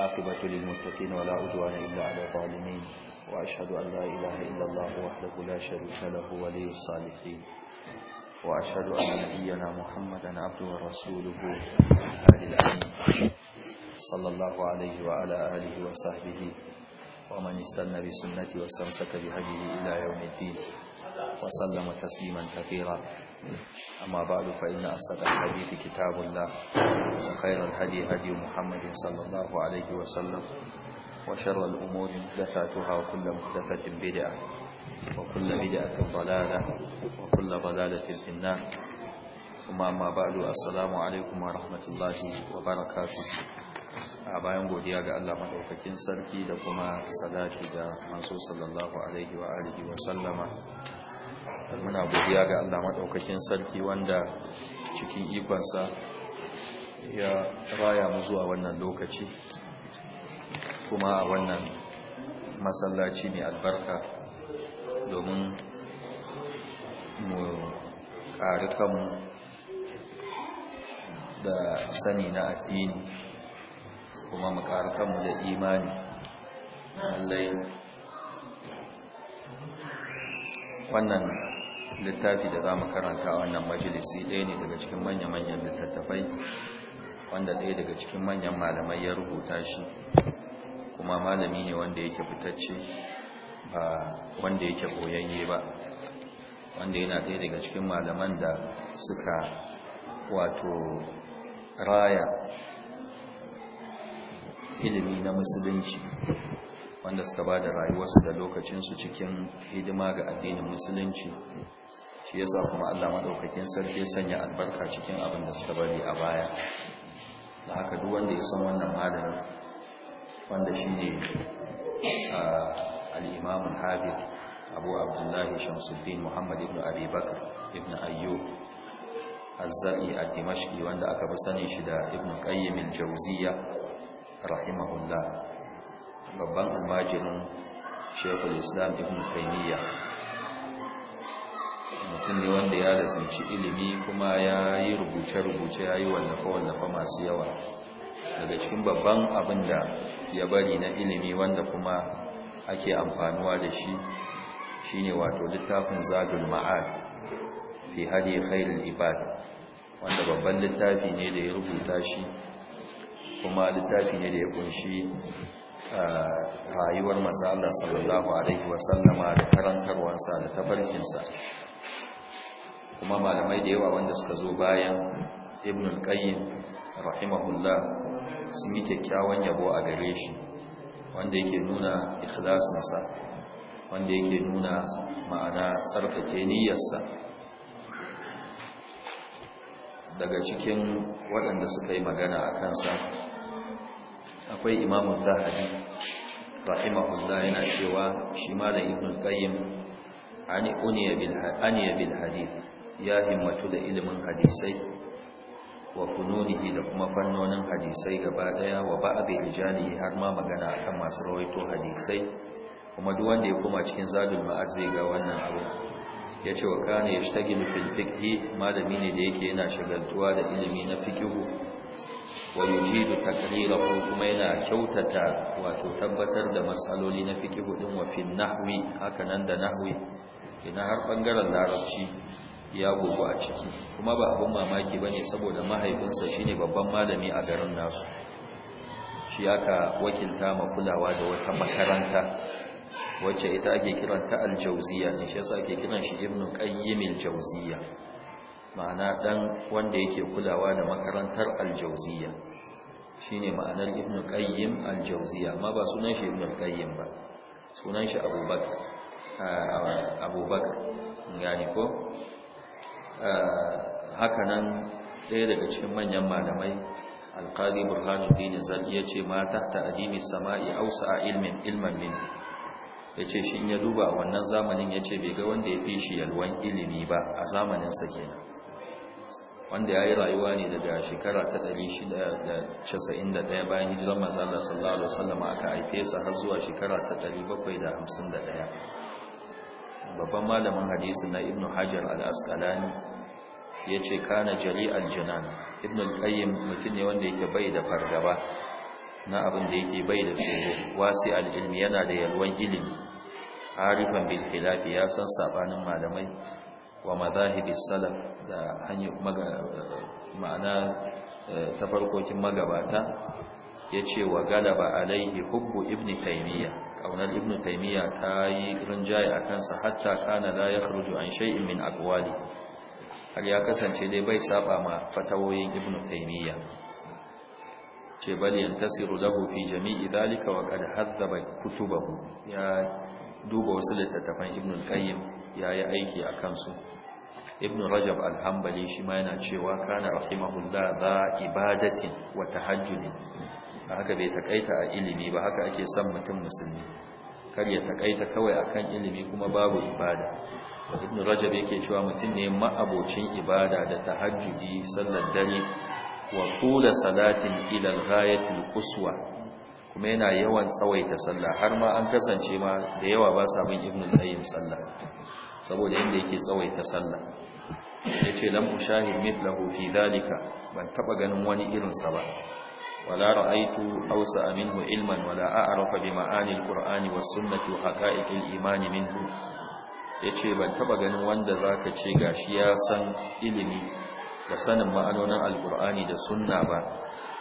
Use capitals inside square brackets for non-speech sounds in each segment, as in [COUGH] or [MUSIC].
والعاقبة للمتقين ولا عدوان إلا على الظالمين وأشهد أن لا إله إلا الله وحده لا شريك له ولي الصالحين وأشهد أن نبينا محمدا عبده ورسوله آل الأمين صلى الله عليه وعلى آله وصحبه ومن استنى بسنته واستمسك بهديه إلى يوم الدين وسلم تسليما كثيرا أما بعد فإن أصدق الحديث كتاب الله وخير الهدي هدي محمد صلى الله عليه وسلم وشر الأمور محدثاتها وكل محدثة بدعة وكل بدعة ضلالة وكل ضلالة في النار ثم أما بعد السلام عليكم ورحمة الله وبركاته a bayan godiya ga Allah madaukakin sarki da kuma salati ga manzo sallallahu alaihi wa alihi wa sallama muna godiya ga Allah madaukakin sarki wanda cikin ikonsa ya raya mu zuwa wannan lokaci kuma a wannan masallaci mai albarka domin mu ƙari kanmu da sani na addini kuma mu ƙari kanmu da imani lallai wannan littafi da za mu karanta a wannan majalisi ɗaya ne daga cikin manya-manyan littattafai wanda ɗaya daga cikin manyan malamai ya rubuta shi kuma malami ne wanda yake fitacce ba wanda yake boyayye ba wanda yana ɗaya daga cikin malaman da suka wato raya ilimi na musulunci wanda suka ba da rayuwarsu da lokacinsu cikin hidima ga addinin musulunci shi sa kuma Allah maɗaukakin sarki ya sanya albarka cikin abin da suka bari a baya da haka duk wanda ya san wannan malamin wanda shi ne imam habib Abu abdullahi Shamsuddin Muhammad ibn Abi ibn Ayyub azza'i zari al wanda aka fi sani shi da Ibn Kayyamin Jauziya, rahimahullah babban almajirin shekul Islam Ibn Taymiyyah mutum ne wanda ya rasanci ilimi kuma ya yi rubuce-rubuce ya yi wallafa-wallafa masu yawa daga cikin babban abin da ya bari na ilimi wanda kuma ake amfanuwa da shi shi ne wato littafin zagin ma'ad fi hadi khairul ibad wanda babban littafi ne da ya rubuta shi kuma littafi ne da ya kunshi rayuwar manzo sallallahu alaihi wasallama da karantarwarsa da tabarkinsa kuma malamai da yawa wanda suka zo bayan ibn al-qayyim rahimahullah sun yi kyakkyawan yabo a gare shi wanda yake nuna ikhlasinsa wanda yake nuna ma'ana tsarkake niyyarsa daga cikin waɗanda suka yi magana a kansa akwai imamun zahari rahimahullah yana cewa shi malam ibn qayyim ani yi bil hadith ya himmatu da ilimin hadisai wa fununihi da kuma fannonin hadisai gaba daya wa ba'abi rijali har ma magana akan masu rawaito hadisai kuma duk wanda ya koma cikin zadul ma'ad zai ga wannan abu yace wa kana yashtagilu fil fiqhi malami ne da yake yana shagaltuwa da ilimi na fiqhu wa yujidu takrirahu kuma yana kyautata wato tabbatar da masaloli na fikihu din wa fil nahwi haka nan da nahwi ina har bangaren larabci ya gogo a ciki kuma ba abin mamaki ba ne saboda mahaifinsa shi ne babban malami a garin nasu shi aka wakilta ma kulawa da wata makaranta wacce ita ake kiranta aljauziya ne shi yasa ake kiran shi ibn qayyim jauziya ma'ana dan wanda yake kulawa da makarantar aljauziya shine ma'anar ibn qayyim aljauziya amma ba sunan shi ibn qayyim ba sunan shi abubakar abubakar gani ko Eh, hakanan ɗaya daga cikin manyan malamai alƙali burhanuddin zan iya ce ma ta adini sama'i ausa a ilmin ilman min ya ce shi ya duba a wannan zamanin ya ce bai ga wanda ya fi shi yalwan ilimi ba a zamaninsa kenan wanda ya yi rayuwa ne daga shekara ta 691 bayan hijirar mazala sallallahu alaihi wasallam aka haife sa har zuwa shekara ta 751 babban malamin hadisi na ibnu hajar al-asqalani yace kana jali'al janan ibn al-qayyim mutum ne wanda yake bai da fargaba na abin da yake bai da tsoro wasi al-ilmi yana da yalwan ilimi arifan bil khilafi ya san sabanin malamai wa madhahibis salaf da hanyar ma'ana eh, ta farkokin magabata yace wa galaba alaihi hubbu ibn taymiya kaunar ibn taymiya ta yi rinjaye akan sa hatta kana la yakhruju an shay'in min aqwali har ya kasance dai bai saba ma fatawoyin ibn taymiya ce bal yantasiru lahu fi jami'i dalika wa qad haddaba kutubahu ya duba wasu littattafan ibn Qayyim ya yi aiki a kansu. Ibnu rajab al-hanbali shi ma yana cewa kana rahimahullah za ibadatin wa tahajjudi haka bai takaita a ilimi ba haka ake son mutum musulmi kar ya takaita kawai akan ilimi kuma babu ibada ibn rajab yake cewa mutum ne ma'abocin ibada da tahajjudi sallar dare wa tula salatin ila al-ghayatil quswa kuma yana yawan tsawaita sallah har ma an kasance ma da yawa ba sa bin ibn al-qayyim sallah saboda inda yake tsawaita sallah yace lam ushahid mithlahu fi dhalika ban taba ganin wani irin sa ba wala ra'aytu awsa minhu ilman wala a'rafa bi ma'ani al-qur'ani was sunnati wa haqa'iqil imani minhu ya ce ban taba ganin wanda za ka ce ga shi ya san ilimi da sanin ma'anonin alkur'ani da sunna ba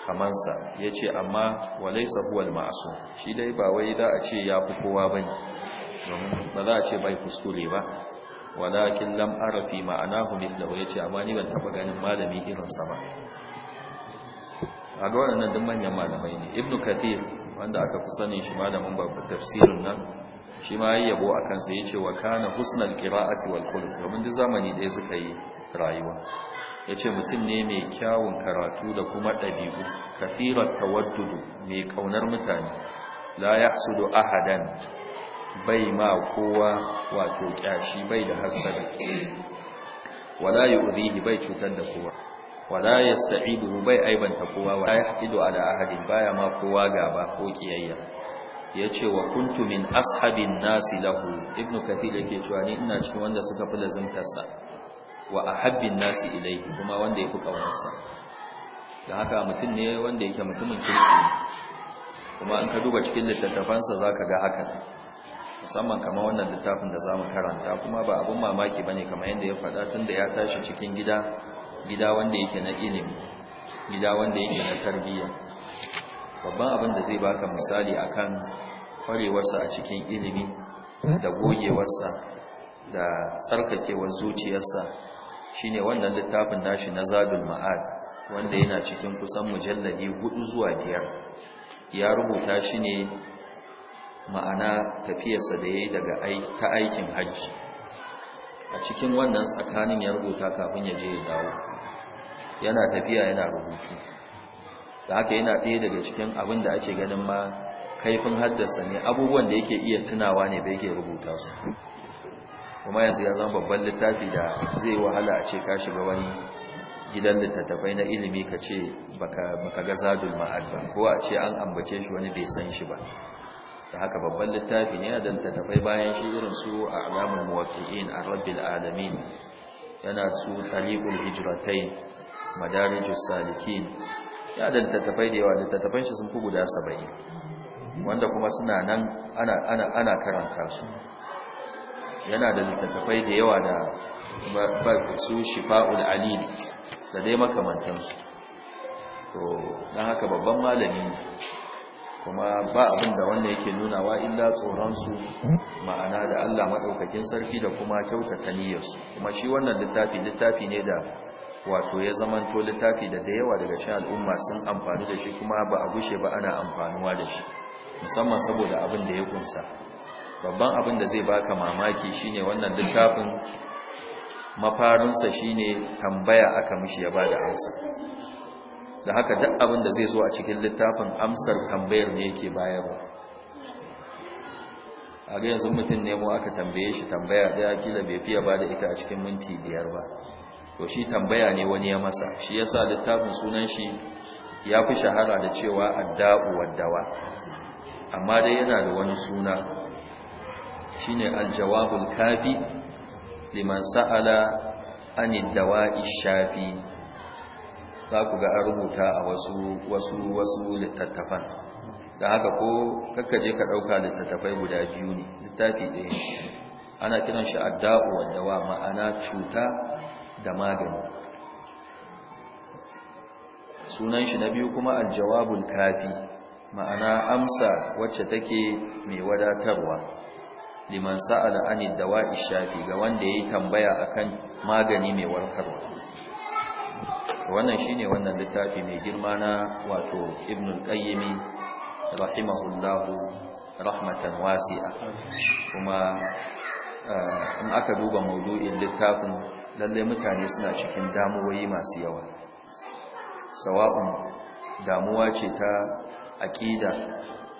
kamansa ya ce amma walai sabuwal ma'asu shi dai ba wai za a ce ya fi kowa ba ba za a ce bai fuskure ba walakin lam arafi hu mithlahu ya ce amma ni ban taba ganin malami irinsa ba a ga waɗannan duk manyan malamai ne ibnu kathir wanda aka fi sanin shi malamin babu tafsirin nan shi ma yi yabo a kansa ya ce wa kana husnal qira'ati wal khuluq domin duk zamani ɗaya suka yi rayuwa ya ce mutum ne mai kyawun karatu da kuma ɗabi'u kafirar tawaddudu mai ƙaunar mutane la ya a ahadan bai ma kowa wato ƙyashi bai da hassada wala yi urihi bai cutar da kowa wala ya sta'ibu bai aibanta kowa wala ya a ala ahadin baya ma kowa gaba ko ƙiyayya ya ce wa kuntu min ashabin nasi lahu ibn kathir yake cewa ni ina cikin wanda suka fi lazimtarsa wa ahabbin nasi ilaihi kuma wanda ya fi ƙaunarsa da haka mutum ne wanda yake mutumin kirki kuma an ka duba cikin littattafansa za ka ga haka musamman kamar wannan littafin da za mu karanta kuma ba abin mamaki ba ne kamar yadda ya faɗa tun da ya tashi cikin gida gida wanda yake na ilimi gida wanda yake na tarbiyya babban abin da zai baka misali akan kwarewarsa a cikin ilimi da gogewarsa da tsarkakewar zuciyarsa shine wannan littafin nashi na zadul ma'ad wanda yana cikin kusan mujalladi hudu zuwa biyar ya rubuta shi ne ma'ana tafiyarsa da yi daga ta aikin hajji a cikin wannan tsakanin ya rubuta kafin ya je ya dawo yana tafiya yana rubutu da haka yana ɗaya daga cikin abin da ake ganin ma kaifin haddasa ne abubuwan da yake iya tunawa ne bai ke rubuta su kuma yanzu ya zama babban littafi da zai wahala a ce ka shiga wani gidan littattafai na ilimi ka ce baka ga zadul ma'ad ko a ce an ambace shi wani bai san shi ba da haka babban littafi ne da littattafai bayan shi irin su a alamun muwafi'in a rabbil alamin yana su tariqul hijratain madarijus salikin ya da littattafai da yawa littattafan shi sun fi guda saba'i, wanda kuma suna nan ana karanta su yana da littattafai da yawa da su shifa'ul alil da dai makamantansu to don haka babban malami ne kuma ba abin da wannan yake nunawa illa tsoronsu ma'ana da Allah maɗaukakin sarki da kuma kyautata niyyarsu kuma shi wannan littafi littafi ne da wato ya zamanto littafi da da yawa daga cikin al'umma sun amfani da shi kuma ba a gushe ba ana amfanuwa da shi musamman saboda abin da ya kunsa babban abin da zai baka mamaki shine wannan littafin mafarinsa shine tambaya aka mishi ya bada amsa da haka duk abin da zai zo a cikin littafin amsar tambayar ne yake bayarwa a ga yanzu mutum nemo aka tambaye shi tambaya daya kila bai fiya bada ita a cikin minti biyar ba to shi tambaya ne wani ya masa shi yasa littafin sunan shi ya fi shahara da cewa adda'u waddawa amma dai yana da wani suna shine aljawabul kafi liman sa'ala anid dawa'i shafi za ku ga an rubuta a wasu wasu wasu littattafan da haka ko je ka dauka littattafai guda biyu ne littafi ɗaya ana kiran shi adda'u waddawa ma'ana cuta da magani sunan shi na biyu kuma aljawabul kafi ma'ana amsa wacce take mai wadatarwa liman sa'ala da dawa'i shafi ga wanda yayi tambaya akan magani mai warkarwa wannan shine wannan littafi mai girma na wato ibnul qayyim rahimahullahu rahmatan wasi'a kuma eh, in aka duba maudu'in littafin Lallai mutane suna cikin damuwoyi masu yawa sawa'un damuwa ce ta aƙida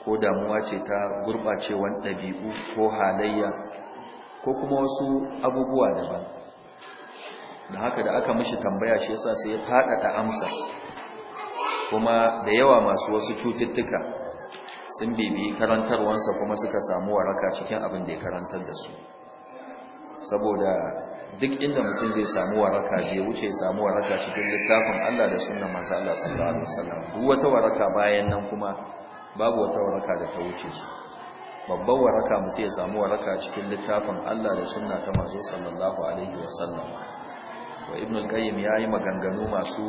ko damuwa ce ta gurɓacewan ɗabi'u ko halayya ko kuma wasu abubuwa daban da haka da aka mishi tambaya shi yasa sai ya faɗaɗa amsa kuma da yawa masu wasu cututtuka sun bibi karantarwansa kuma suka samu waraka cikin abin da ya karantar da su saboda duk inda mutum zai samu waraka bai wuce ya samu waraka cikin littafin Allah da sunnan manzo Allah sallallahu alaihi wasallam duk wata waraka bayan nan kuma babu wata waraka da ta wuce su babban waraka mutum ya samu waraka cikin littafin Allah da sunna ta manzo sallallahu alaihi wasallam wa ibn al-qayyim yayi maganganu masu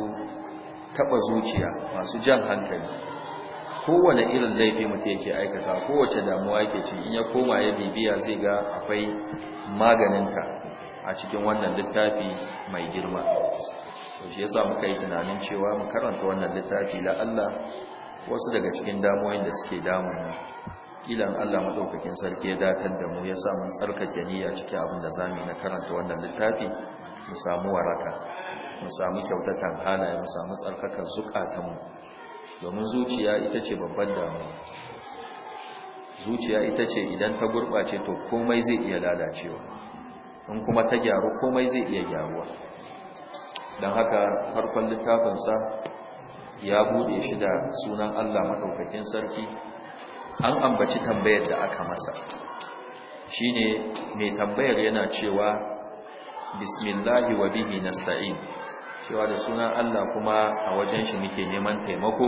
taba zuciya masu jan hankali kowane irin laifi mutum yake aikata kowace damuwa yake ci in ya koma ya bibiya zai ga akwai maganinta a cikin wannan littafi mai girma Yaushe ya yasa muka yi tunanin cewa mu karanta wannan littafi la Allah wasu daga cikin damuwoyin da suke damu mu Allah maɗaukakin sarki ya datar da mu ya sa mun tsarkake niyya cikin abin da mu yi na karanta wannan littafi mu samu waraka mu samu kyautatan halaye mu samu tsarkakar zukatanmu mu domin zuciya ita ce babban damuwa zuciya ita ce idan ta gurɓace to komai zai iya lalacewa in kuma ta gyaru komai zai iya gyaruwa don haka farkon littafinsa ya bude shi da sunan Allah maɗaukakin sarki an ambaci tambayar da aka masa shine mai tambayar yana cewa bismillahi wa bihi nasta'in cewa da sunan Allah kuma a wajen shi muke neman taimako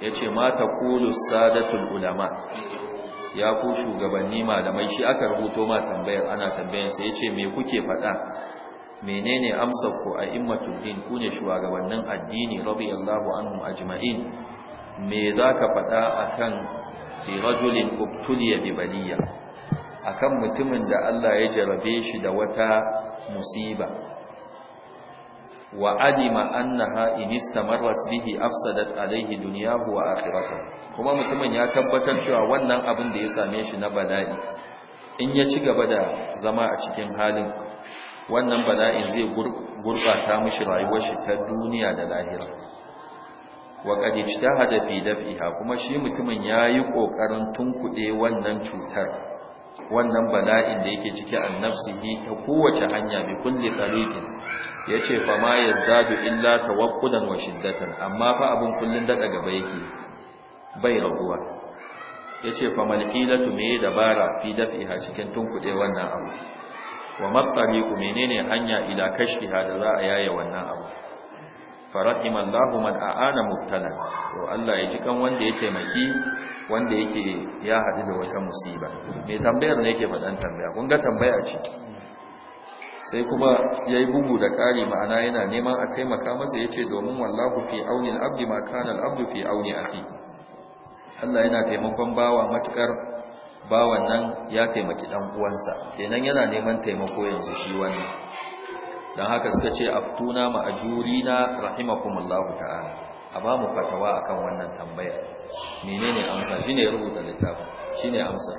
ya ce mata kulus sadatul ulama ya ku shugabanni malamai shi aka rubuto ma tambayar ana tambayar sa yace me kuke faɗa menene amsar ku a immatul din ku ne shugabannin addini radiyallahu anhum ajma'in me zaka faɗa akan bi rajulin ubtuliya bi baliya akan mutumin da Allah ya jarabe shi da wata musiba wa alima annaha in istamarrat bihi afsadat alaihi dunyahu wa kuma mutumin ya tabbatar cewa wannan abin da ya same shi na bala'i in ya ci gaba da zama a cikin halin wannan bala'in zai gurbata mishi rayuwar shi ta duniya da lahira wa qad ijtahada fi daf'iha kuma shi mutumin yayi kokarin tunkuɗe wannan cutar wannan bala'in da yake ciki an nafsihi ta kowace hanya bi kulli tariqin yace fa ma yazdadu illa tawaqqudan wa shiddatan amma fa abun kullun daɗa gaba yake bai raguwa yace fa mal hilatu me dabara fi daf'iha cikin tunkude wannan abu wa mat ku menene hanya ila kashfiha da za a yaye wannan abu farahimallahu man ana Murtala, to Allah ya ji kan wanda ya taimaki wanda yake ya haɗu da wata musiba mai tambayar ne yake faɗan tambaya kun ga tambaya ce sai kuma yayi bugu da ƙari ma'ana yana neman a taimaka masa ya ce domin wallahu fi auni al-abdi ma kana al-abdu fi auni akhi Allah yana taimakon bawa matukar bawan nan ya taimaki dan uwansa kenan yana neman taimako yanzu shi wani. dan haka suka ce aftuna ma'ajurina rahimakumullahu ta'ala a ba mu fatawa akan wannan tambayar menene amsa shine rubuta littafin shine amsa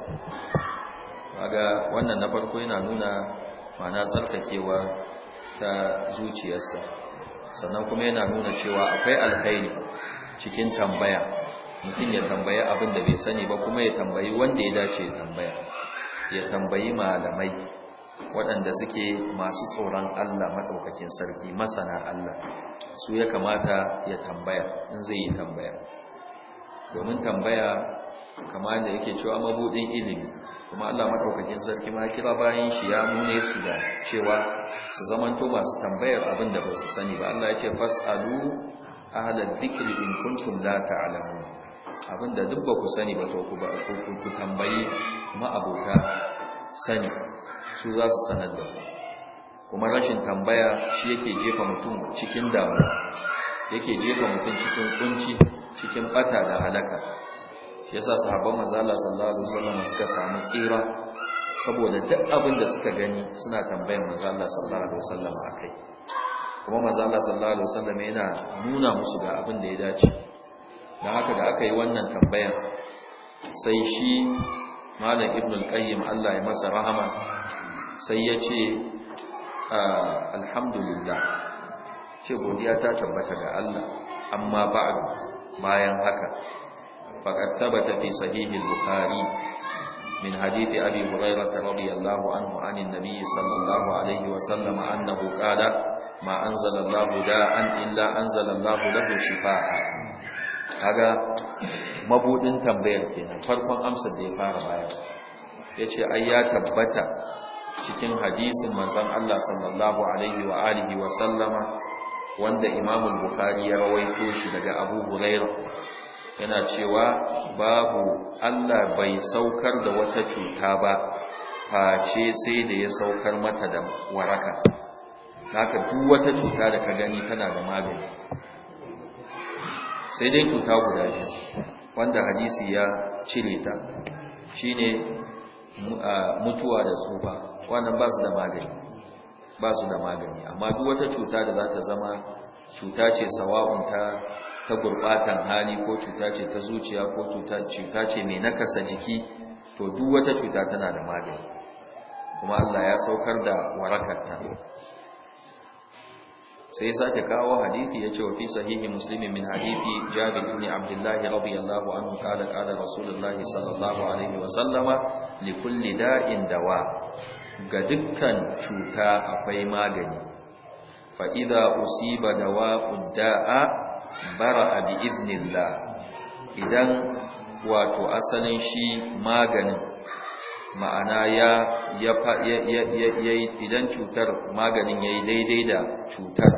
kaga wannan na farko yana nuna ma'ana tsarkakewa ta zuciyarsa sannan kuma yana nuna cewa akwai alkhairi cikin tambaya mutum ya tambayi abin da bai sani ba kuma ya tambayi wanda ya dace ya tambaya ya tambayi malamai waɗanda suke masu tsoron Allah maɗaukakin sarki masana Allah su ya kamata ya tambaya in zai yi tambaya domin tambaya kama da yake cewa mabuɗin ilimi kuma Allah maɗaukakin sarki ma kira bayan shi ya nune su da cewa su zamanto masu tambayar abin da ba su sani ba Allah ya ce fas'alu ahlal dhikri in kuntum la ta'lamun abinda duk ba ku sani ba to ku ba ku tambayi ma abota sani su za su sanar da ku. kuma rashin tambaya shi yake jefa mutum cikin damuwa yake jefa mutum cikin kunci cikin bata da halaka shi yasa sahabban manzo Allah sallallahu alaihi wasallam suka samu tsira saboda duk abin da suka gani suna tambayar manzo Allah sallallahu alaihi wasallam akai kuma manzo Allah sallallahu alaihi wasallam yana nuna musu ga abin da ya dace dan haka da aka yi wannan tambayar sai shi malam ibn al-qayyim Allah ya masa rahama sai ya ce ah, alhamdulillah ce godiya ta tabbata ga Allah amma ba'd bayan haka faqad thabata fi sahih al-bukhari min hadith abi hurairah radiyallahu anhu an an-nabi sallallahu alayhi wa sallam annahu qala ma anzala Allah da'an illa anzala Allah lahu shifaa'a kaga mabudin tambayar kenan farkon amsar da ya fara bayar yace ai ya tabbata cikin hadisin manzon Allah sallallahu alaihi wa alihi wa sallama wanda imamun Bukhari ya rawaito shi daga Abu Hurairah yana cewa babu Allah bai saukar da wata cuta ba face sai da ya saukar mata da waraka haka duk wata cuta da ka gani tana da magani sai dai cuta guda biyu wanda hadisi ya cire ta shine mutuwa da tsufa wannan ba su da magani ba su da magani amma duk wata cuta da za ta zama cuta ce sawa'un ta ta gurbatan hali ko cuta ce ta zuciya ko cuta ce mai nakasa jiki to duk wata cuta tana da magani kuma Allah ya saukar da warakarta sai sake kawo hadisi ce wa fi sahihi muslimin min hadisi jabir ibn abdullah radiyallahu anhu qala qala rasulullahi sallallahu alaihi wa sallama li kulli da'in dawa ga dukkan cuta akwai magani fa idza da dawa'ud da'a bara bi iznillah idan wato asalin shi maganin ma'ana ya ya idan cutar maganin yayi daidai da cutar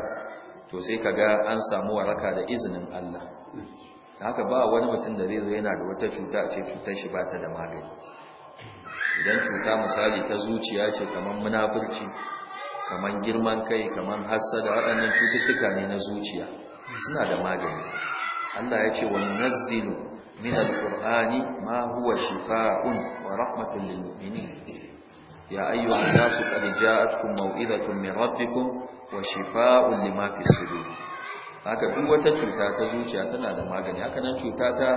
to sai kaga an samu waraka da izinin Allah haka ba wani mutum da zai zo yana da wata cuta a ce cutar shi ba ta da magani idan cuta misali ta zuciya ce kamar munafurci kamar girman kai kamar hassada waɗannan cututtuka ne na zuciya suna da magani Allah ya ce wa nunazzilu min alqur'ani ma huwa shifaa'un wa rahmatun lil mu'minin ya ayyuhan nasu qad ja'atkum maw'izatun min rabbikum wa shifaa'un lima fi sudur haka duk wata cuta ta zuciya tana da magani haka nan cuta ta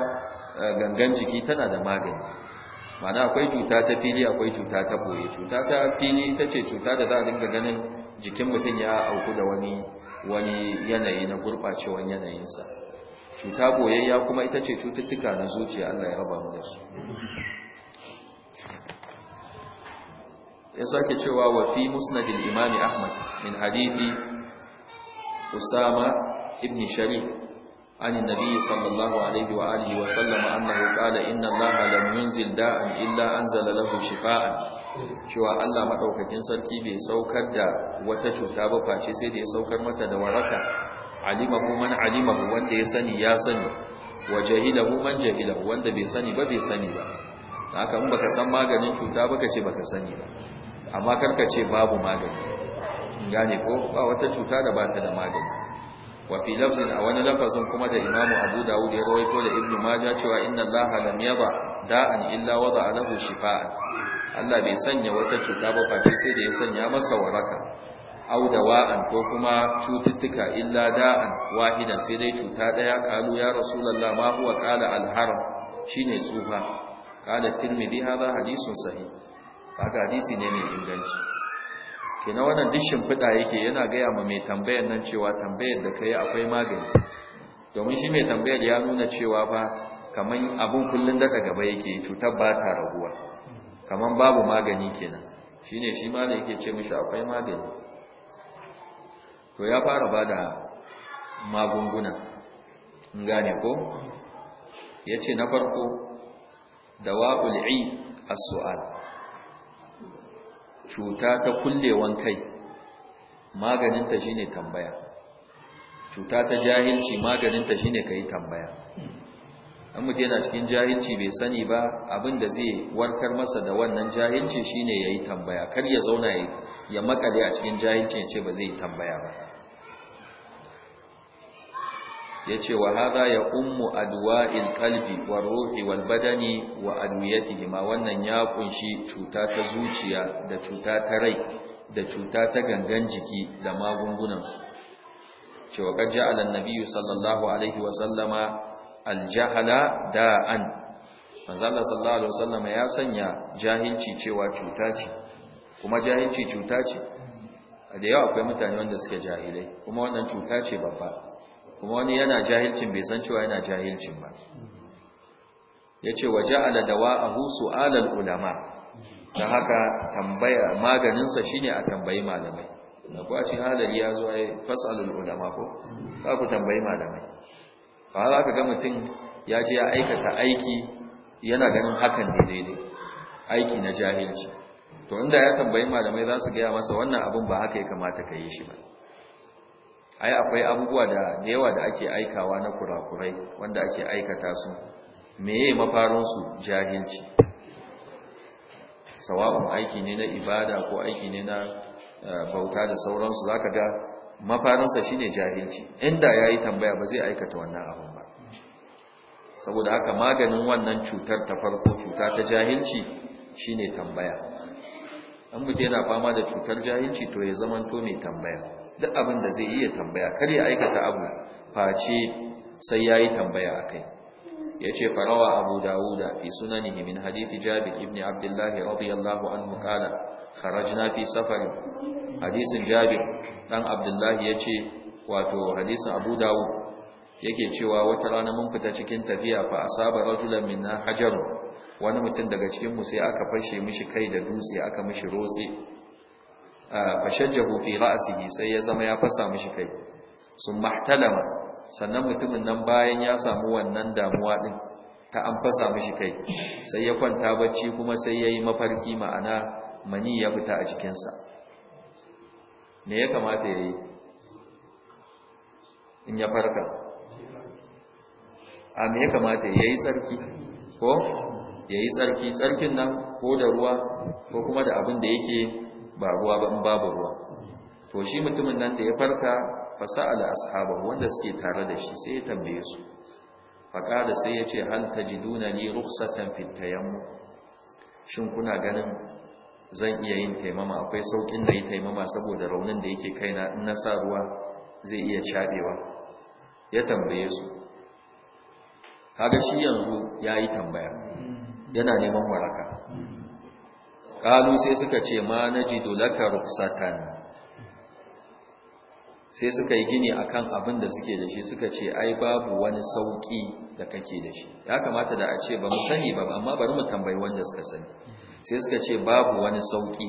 eh, gangan jiki tana da magani mana akwai cuta ta fili akwai cuta ta boye cuta ta fili ita ce cuta da za a dinga ganin jikin mutum ya auku da wani wani yanayi na gurɓacewan yanayinsa cuta boyayya kuma ita ce cututtuka na zuciya Allah ya raba mu da su ya sake cewa wa fi musnadil imami ahmad min hadithi usama ibn sharif عن النبي صلى الله عليه وآله وسلم أنه قال إن الله لم ينزل داء إلا أنزل له شفاء شوى الله مدعوكتين سركي بي سوكر دا وتشتا بفاشي سيدي سوكر متى دورك علمه من علمه وانت يسني يا سني وجهله من جهله وانت بيسني ببيسني با haka in baka san maganin cuta baka ce baka sani ba amma karka ce babu magani gane ko ba wata cuta da ba ta da magani wa fi a wani lafazin kuma da imamu abu dawud ya rawaito da ibnu majah cewa inna allaha lam yaba da'an illa wada alahu shifa'a. Allah bai sanya wata cuta ba face sai da ya sanya masa waraka au dawa'an ko kuma cututtuka illa da'an wahidan sai dai cuta daya kalu ya rasulullah ma huwa qala al-haram shine tsufa qala tirmidhi hadha hadithun sahih Haka hadisi ne mai inganci Kina wannan duk shimfiɗa yake yana gaya ma mai tambayar nan cewa tambayar da kai akwai magani domin shi mai tambayar ya nuna cewa fa kaman abun kullun daga gaba yake cutar ba ta raguwa kaman babu magani kenan shine shi malai yake ce mishi akwai magani to ya fara bada magunguna in gane ko yace na farko dawa ul'i as-su'al cuta ta kullewan kai maganinta shine tambaya cuta ta jahilci maganinta shine kai tambaya an mutu yana cikin jahilci bai sani ba abin da zai warkar masa da wannan jahilci shine yayi tambaya kar ya zauna ya makale a cikin jahilci ya ce ba zai yi tambaya ba yace wa hadha ya ummu adwa'il qalbi wa ruhi wal badani wa adwiyatihi ma wannan ya kunshi cuta ta zuciya da cuta ta rai da cuta ta gangan jiki da magungunan su cewa kan ja'ala Nabiyu sallallahu alaihi wa sallama aljahala da'an manzo Allah sallallahu alaihi wa sallama ya sanya jahilci cewa cuta ce kuma jahilci cuta ce da yawa akwai mutane wanda suke jahilai kuma wannan cuta ce babba kuma wani yana jahilcin bai san cewa yana jahilcin ba yace waja'ala dawa'ahu su'alal ulama dan haka tambaya maganin sa shine a tambayi malamai na a cikin halari ya zo ai fasalul ulama ko ka ku tambayi malamai ba har aka ga mutum ya je ya aikata aiki yana ganin hakan ne daidai aiki na jahilci to inda ya tambayi malamai za su gaya masa wannan abin ba haka ya kamata ka yi shi ba ai akwai abubuwa da da yawa da ake aikawa na kurakurai wanda ake aikata su meye mafarin su jahilci sawa'un aiki ne na ibada ko aiki ne na eh, bauta da sauransu zaka ga sa shine jahilci inda yayi tambaya ba zai aikata wannan abu ba saboda haka maganin wannan cutar ta farko cuta ta jahilci shine tambaya an mutum yana fama da cutar jahilci to ya to mai tambaya duk abin da zai iya tambaya kar ya aikata abu face sai yayi tambaya akai yace farawa abu dauda fi sunanihi min hadithi jabir ibn abdullah radiyallahu anhu qala kharajna fi safar hadisin jabir dan abdullah yace wato hadisin abu dawud yake cewa wata rana mun fita cikin tafiya fa asaba rajulan minna hajar wani mutum daga cikin mu sai aka fashe mishi kai da dutse aka mishi rotse fashajjahu fi ra'sihi sai ya zama ya fasa mishi kai sun mahtalama sannan mutumin nan bayan ya samu wannan damuwa din ta an fasa mishi kai sai ya kwanta bacci kuma sai yayi mafarki ma'ana mani ya fita a jikinsa me ya kamata yayi in ya farka a me ya kamata yayi tsarki ko yayi tsarki tsarkin nan ko da ruwa ko kuma da abin da yake ba ruwa ba in babu ruwa to shi mutumin nan da ya farka sa'ala ashabahu wanda suke tare da shi sai ya tambaye su faqala sai ya ce hal tajiduna li rukhsatan fi tayammum shin kuna ganin zan iya yin taimama akwai saukin da yi taimama saboda raunin da yake kaina in na sa ruwa zai iya cabewa ya tambaye su kaga shi yanzu yayi tambaya yana neman waraka kalu sai suka ce ma na najidu laka ruksatan sai suka yi gini akan abin da suke da shi suka ce ai babu wani sauki da kake da shi ya kamata da a ce ba mu sani ba amma bari mu tambayi wanda suka sani sai suka ce babu wani sauƙi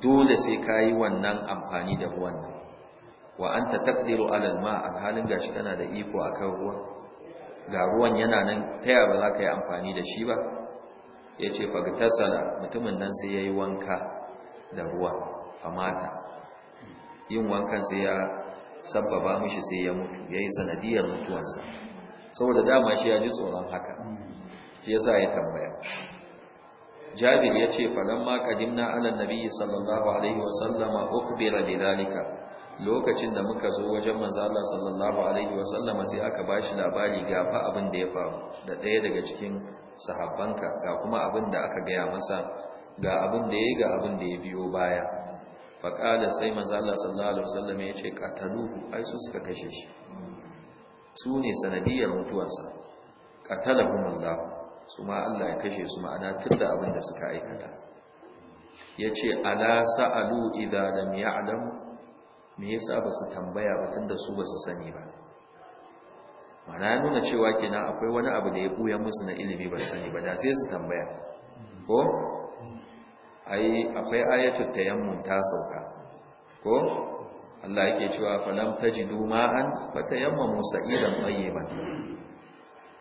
dole sai ka yi wannan amfani da ruwan nan wa anta taqdiru a halin gashi kana da iko akan ruwa ga ruwan yana nan taya ba za ka yi amfani da shi ba ya ce fagtasala mutumin nan sai ya yi wanka da ruwa famata yin wankan sai ya sabbaba mishi sai ya mutu ya yi sanadiyar mutuwarsa saboda dama shi ya ji tsoron haka shi sa ya tambaya jabir ya ce kadim na ala nabi sallallahu alaihi wa sallama ukhbira dalika lokacin da muka zo wajen manzo Allah sallallahu alaihi wa sai aka ba shi labari ga fa abin da ya faru da ɗaya daga cikin sahabbanka ga kuma abin da aka gaya masa ga abin da ya yi ga abin da ya biyo baya faƙada sai mazala sallallahu alaihi wasallam ya ce kataluhu ai su suka kashe shi su ne sanadiyar mutuwarsa qatalahumullah su ma Allah ya kashe su ma'ana tunda abin da suka aikata Ya ce ala sa'alu idan lam ya'lam me yasa ba su tambaya ba tunda su ba su sani ba mana ya nuna cewa kenan akwai wani abu da ya buya musu na ilimi ba sani ba da sai su tambaya ko ai akwai ayatul tayammum ta sauka ko Allah yake cewa lam tajidu ma'an fatayammamu sa'idan tayyiban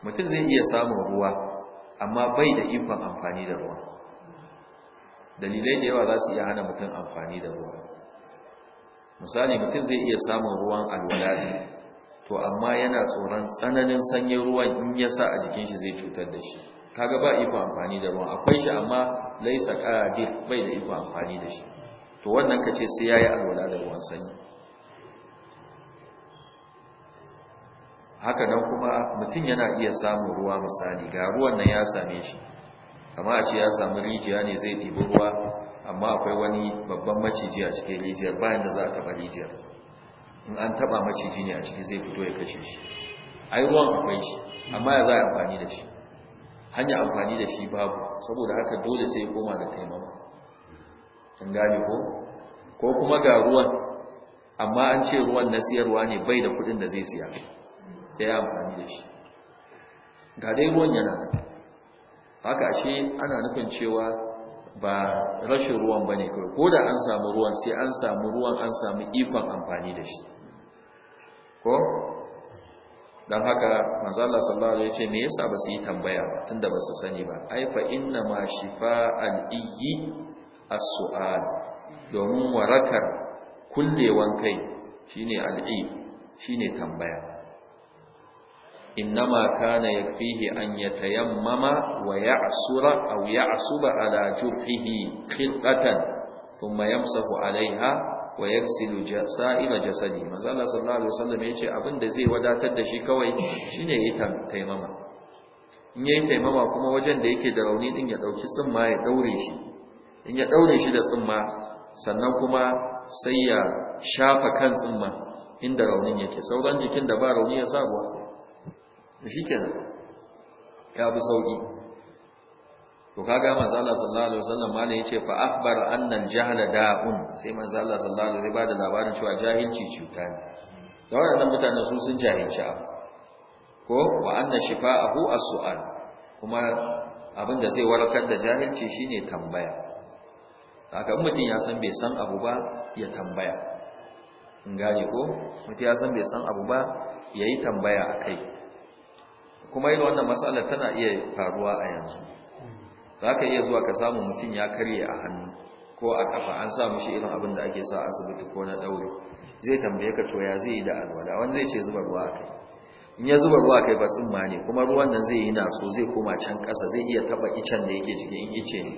mutum zai iya samun ruwa amma bai da ikon amfani da ruwa dalilai da yawa za su iya hana mutum amfani da ruwa misali mutum zai iya samun ruwan alwala to amma yana tsoron tsananin sanyin ruwan in ya sa a jikin shi zai cutar da shi kaga ba iko amfani da ruwan akwai shi amma laisa qadir bai da iko amfani da shi to wannan kace sai yayi alwala da ruwan sanyi haka nan kuma mutum yana iya samun ruwa misali ga ruwan nan ya same shi kamar a ce ya samu rijiya ne zai ɗibi ruwa amma akwai wani babban maciji a cikin rijiyar bayan da za a taɓa rijiyar in an taba maciji ne a ciki zai fito ya kashe shi ai ruwan akwai shi amma ya za a amfani da shi hanya amfani da shi babu saboda haka dole sai ya koma da taimama in gane ko ko kuma ga ruwan amma an ce ruwan na siyarwa ne bai da kudin da zai siya ya amfani da shi ga dai ruwan yana nan haka ashe ana nufin cewa ba rashin ruwan ba ne kawai ko da an samu ruwan sai an samu ruwan an samu ikon amfani da shi ko don haka Mazala sallallahu alaihi ce me yasa ba su yi tambaya tunda ba su sani ba ai fa inna ma shifa'al iyyi as-su'al domin warakar kullewan kai shine al'i shine tambaya innama kana yakfihi an yatayammama wa ya'sura aw ya'suba ala jurhihi khilqatan thumma yamsahu alaiha wa yaksilu sa'ila jasadi manzo Allah sallallahu alaihi wasallam yace abin da zai wadatar da shi kawai shine yayi taimama in yayi taimama kuma wajen da yake da rauni din ya dauki tsumma ya daure shi in ya daure shi da tsumma sannan kuma sai ya shafa kan tsumma inda raunin yake sauran jikin da ba rauni ya sa buwa shikenan ya bi sauki to kaga manzo Allah sallallahu alaihi wasallam ma ne yace fa akhbar annan jahla da'un sai manzo Allah sallallahu alaihi wasallam ya bada labarin cewa jahilci cuta ne da wannan mutanen su sun jahilci abu ko wa anna shifa'ahu as-su'al kuma abin da zai warkar da jahilci shine tambaya haka in mutum ya san bai san abu ba ya tambaya in gane ko mutum ya san bai san abu ba yayi tambaya akai kuma irin wannan matsalar tana iya faruwa a yanzu za ka iya zuwa ka samu mutum ya karye a hannu ko a kafa an sa mushi irin abin da ake sa asibiti ko na ɗaure zai tambaye ka to ya zai yi da alwala wani zai ce zuba ruwa a kai in ya zuba ruwa kai ba tsumma ne kuma ruwan nan zai yi naso zai koma can ƙasa zai iya taɓa icen da yake ciki in ice ne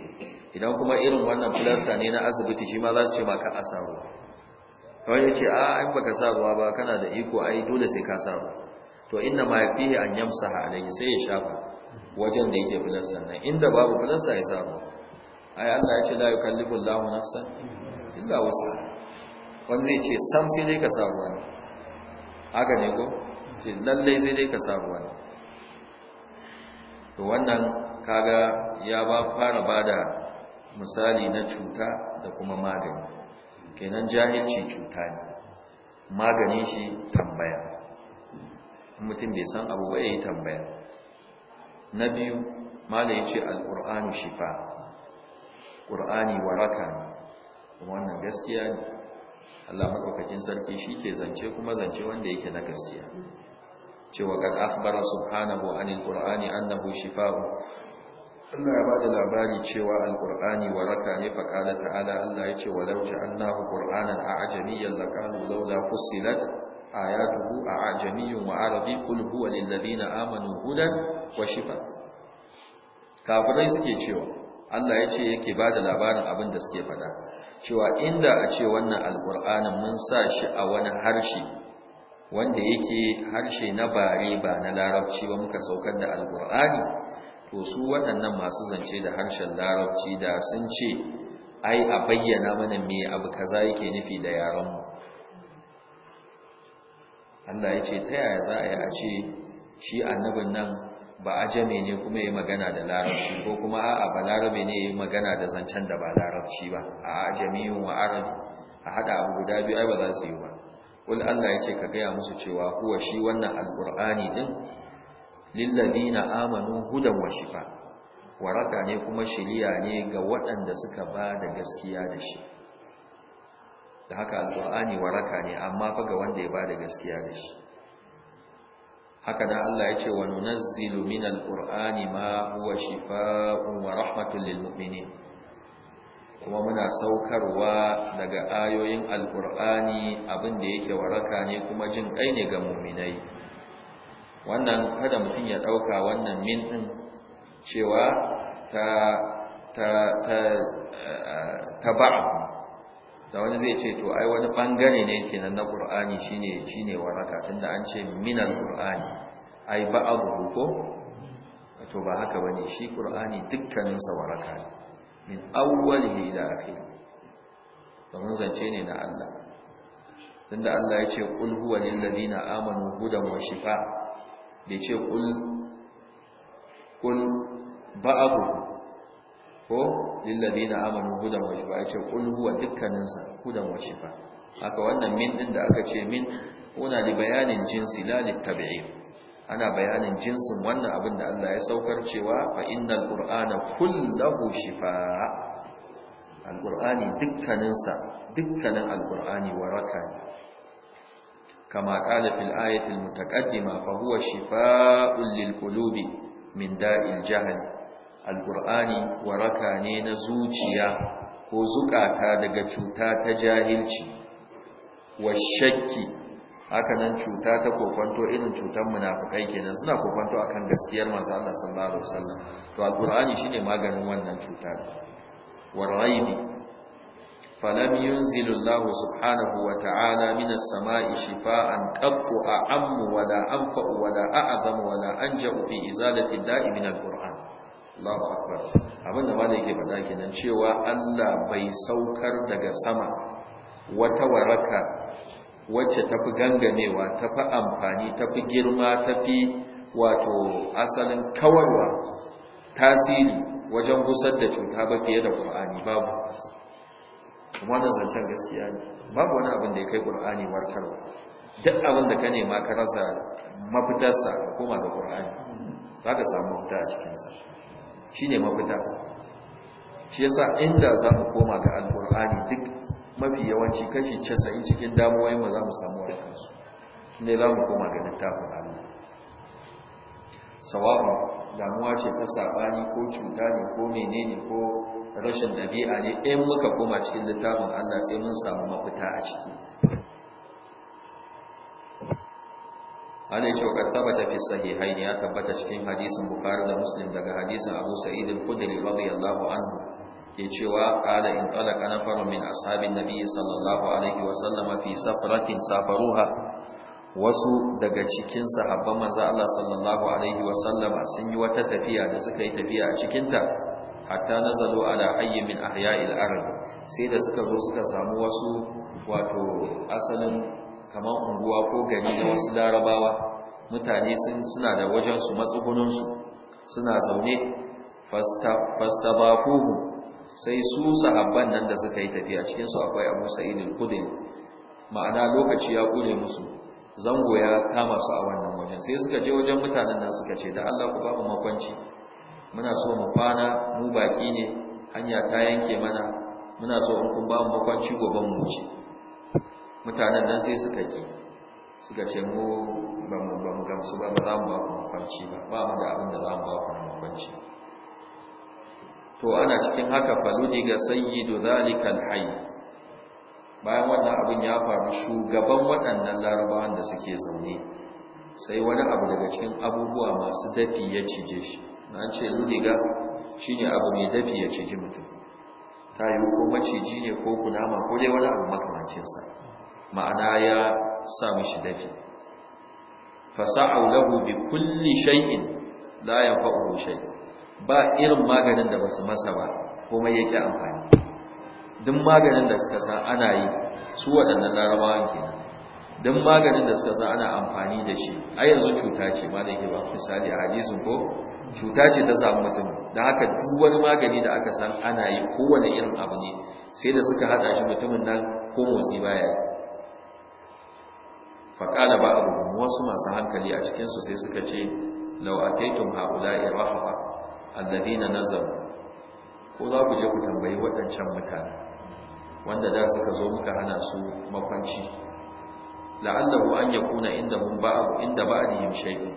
idan kuma irin wannan filasta ne na asibiti shi ma za su ce ma ka a sa ruwa kawai ya ce a in baka sa ruwa ba kana da iko ai dole sai ka sa ruwa to inna ma fihi an yamsaha alayhi sai ya shafa wajen da yake filansa nan inda babu filansa ya samu ai Allah ya ce la yukallifu Allahu nafsan illa wus'aha wanda zai ce sam sai dai ka samu ne haka ne ko ce lallai sai dai ka samu ne to wannan kaga ya ba fara bada misali na cuta da kuma magani kenan jahilci cuta ne magani shi tambaya mutum bai san abu ba ya yi tambaya na biyu mala ya ce shifa ƙur'ani waraka ne kuma wannan gaskiya ne Allah maɗaukakin sarki shi ke zance kuma zance wanda yake na gaskiya cewa kan akhbara subhanahu anil qur'ani annahu shifa'u Allah ya bada labari cewa alqur'ani waraka ne fa qala ta'ala Allah ya ce walau ja'alnahu qur'anan a'jamiyyan laqalu laula fussilat ayatuhu a'jamiyyun wa arabi qul huwa lil ladina amanu hudan wa kafirai suke cewa Allah ya ce yake ba da labarin abin da suke fada cewa inda a ce wannan alkur'anin mun sa shi a wani harshe wanda yake harshe na bare ba na larabci ba muka saukar da alkur'ani to su waɗannan masu zance da harshen larabci da sun ce ai a bayyana mana me abu kaza yake nufi da yarenmu. Allah ya ce ta yaya za a yi a ce shi annabin nan ba ajame ne kuma yayi magana da larabci ko kuma a'a ba larabe ne yayi magana da zancen da ba larabci ba a ajamiyun wa arabi a hada abu guda biyu ai ba za su yi ba kul Allah ce ka gaya musu cewa huwa shi wannan alqur'ani din lil na amanu hudan wa shifa waraka ne kuma shiriya ne ga waɗanda suka ba da gaskiya da shi da haka Alƙur'ani waraka ne amma fa ga wanda ya ba da gaskiya da shi haka da Allah ya ce wa nunazzilu minal qur'ani ma huwa shifaa'un wa rahmatun lil ne. kuma muna saukarwa daga ayoyin alqur'ani abinda yake waraka ne kuma jin kai ne ga mu'minai wannan kada mutum ya dauka wannan min din cewa ta ta da wani zai ce to ai wani bangare ne kenan na qur'ani shine shine waraka tunda an ce minal qur'ani ai ba'dhu ko to ba haka bane shi qur'ani dukkanin sa waraka ne min awwalihi ila akhirih domin zance ne na Allah tunda Allah ya ce qul huwa lil ladina amanu hudan wa shifa bai ce qul qul ba'dhu ko lillazina amanu hudan wa shifa yace qul huwa dukkanin hudan wa shifa haka wannan min din da aka ce min una da bayanin jinsi la li ana bayanin jinsin wannan abin da Allah ya saukar cewa fa innal qur'ana kullahu shifa alqur'ani dukkaninsa, dukkanin alqur'ani waraka kama kala fil ayati al fa huwa shifaa'un lil qulubi min da'il jahannam alkur'ani waraka ne na zuciya ko zukata daga cuta ta jahilci wa shakki hakanan cuta ta kokwanto irin cutar munafikai kenan suna kokwanto akan gaskiyar manzo Allah sallallahu alaihi wasallam to alkur'ani shine maganin wannan cuta subhanahu wa ta'ala minas sama'i shifaan من a'am wa la أعم wa wala ولا wa la أنجأ في izalati da'i min القرآن Allahu akbar Abin da da ke faɗa kenan cewa Allah bai saukar daga sama wata waraka wacce tafi gangamewa tafi amfani tafi girma tafi wato asalin kawarwa tasiri wajen gusar da cuta ba fiye da Qur'ani babu kuma nan zancen gaskiya ne babu wani abin da ya kai Qur'ani warkarwa duk abin da ka nema ka rasa mafitarsa ka koma ga Qur'ani za ka samu mafita a cikinsa shine mafita shi yasa inda za mu koma ga alkur'ani duk mafi yawanci kashi 90 cikin damuwoyin mu za mu samu warkar su ne za mu koma ga littafin Allah sawa'un damuwa ce ta sabani ko cuta ne ko menene ko rashin dabi'a ne in muka koma cikin littafin Allah sai mun samu mafita a ciki hada yace wa tabbata fi sahihaini ya tabbata cikin hadisin bukhari da muslim daga hadisin abu sa'id al radiyallahu anhu ke cewa qala in talaqa nafarun min ashabin nabi sallallahu alaihi wa sallama fi safaratin safaruha wasu daga cikin sahabban manzo Allah sallallahu alaihi wa sallama sun yi wata tafiya da suka yi tafiya a cikin ta hatta nazalu ala hayyin min ahya'il arab sai da suka zo suka samu wasu wato asalin kamar unguwa ko gari na wasu larabawa mutane suna da wajen wajensu matsugunansu suna zaune fasta kuhu sai su sahabban nan da suka yi tafiya cikinsu akwai abu irin kudin ma'ana lokaci ya kure musu zango ya kama su a wannan wajen sai suka je wajen mutanen nan suka ce da Allah ku ba mu makwanci muna so mu kwana mu baki ne hanya ta yanke mana muna so in kun bamu makwanci gobe mu wuce mutanen nan sai suka ki suka ce mu ba mu gamsu ba ba za mu ba ku makwanci ba ba mu da abin da za mu ba ku makwanci to ana cikin haka faludi ga sayyidu zalikal hayy bayan wannan abin ya faru shugaban waɗannan larabawan da suke zaune sai wani abu daga cikin abubuwa masu dafi ya cije shi na ce ludiga shine abu mai dafi ya cije mutum ta yi ko maciji ne ko kunama ko dai wani abu makamancinsa ma'ana ya sa mishi dafi fasa'u lahu bi kulli shay'in la fa'u shay ba irin maganin da basu masa ba komai yake amfani duk maganin da suka san ana yi su waɗannan larabawan kenan duk maganin da suka san ana amfani da shi a yanzu cuta ce ma da yake ba misali a hadisin ko cuta ce ta samu mutum da haka duk wani magani da aka san ana yi kowane irin abu ne sai da suka haɗa shi mutumin nan ko motsi baya yi faƙala ba abu wasu masu hankali a cikinsu sai suka ce lau'ataitum haula'i rahafa na nazar ko za ku je ku tambayi waɗancan mutane wanda da suka zo muka hana su makwanci la'allahu an yakuna indahum ba inda ba'dihim shaidu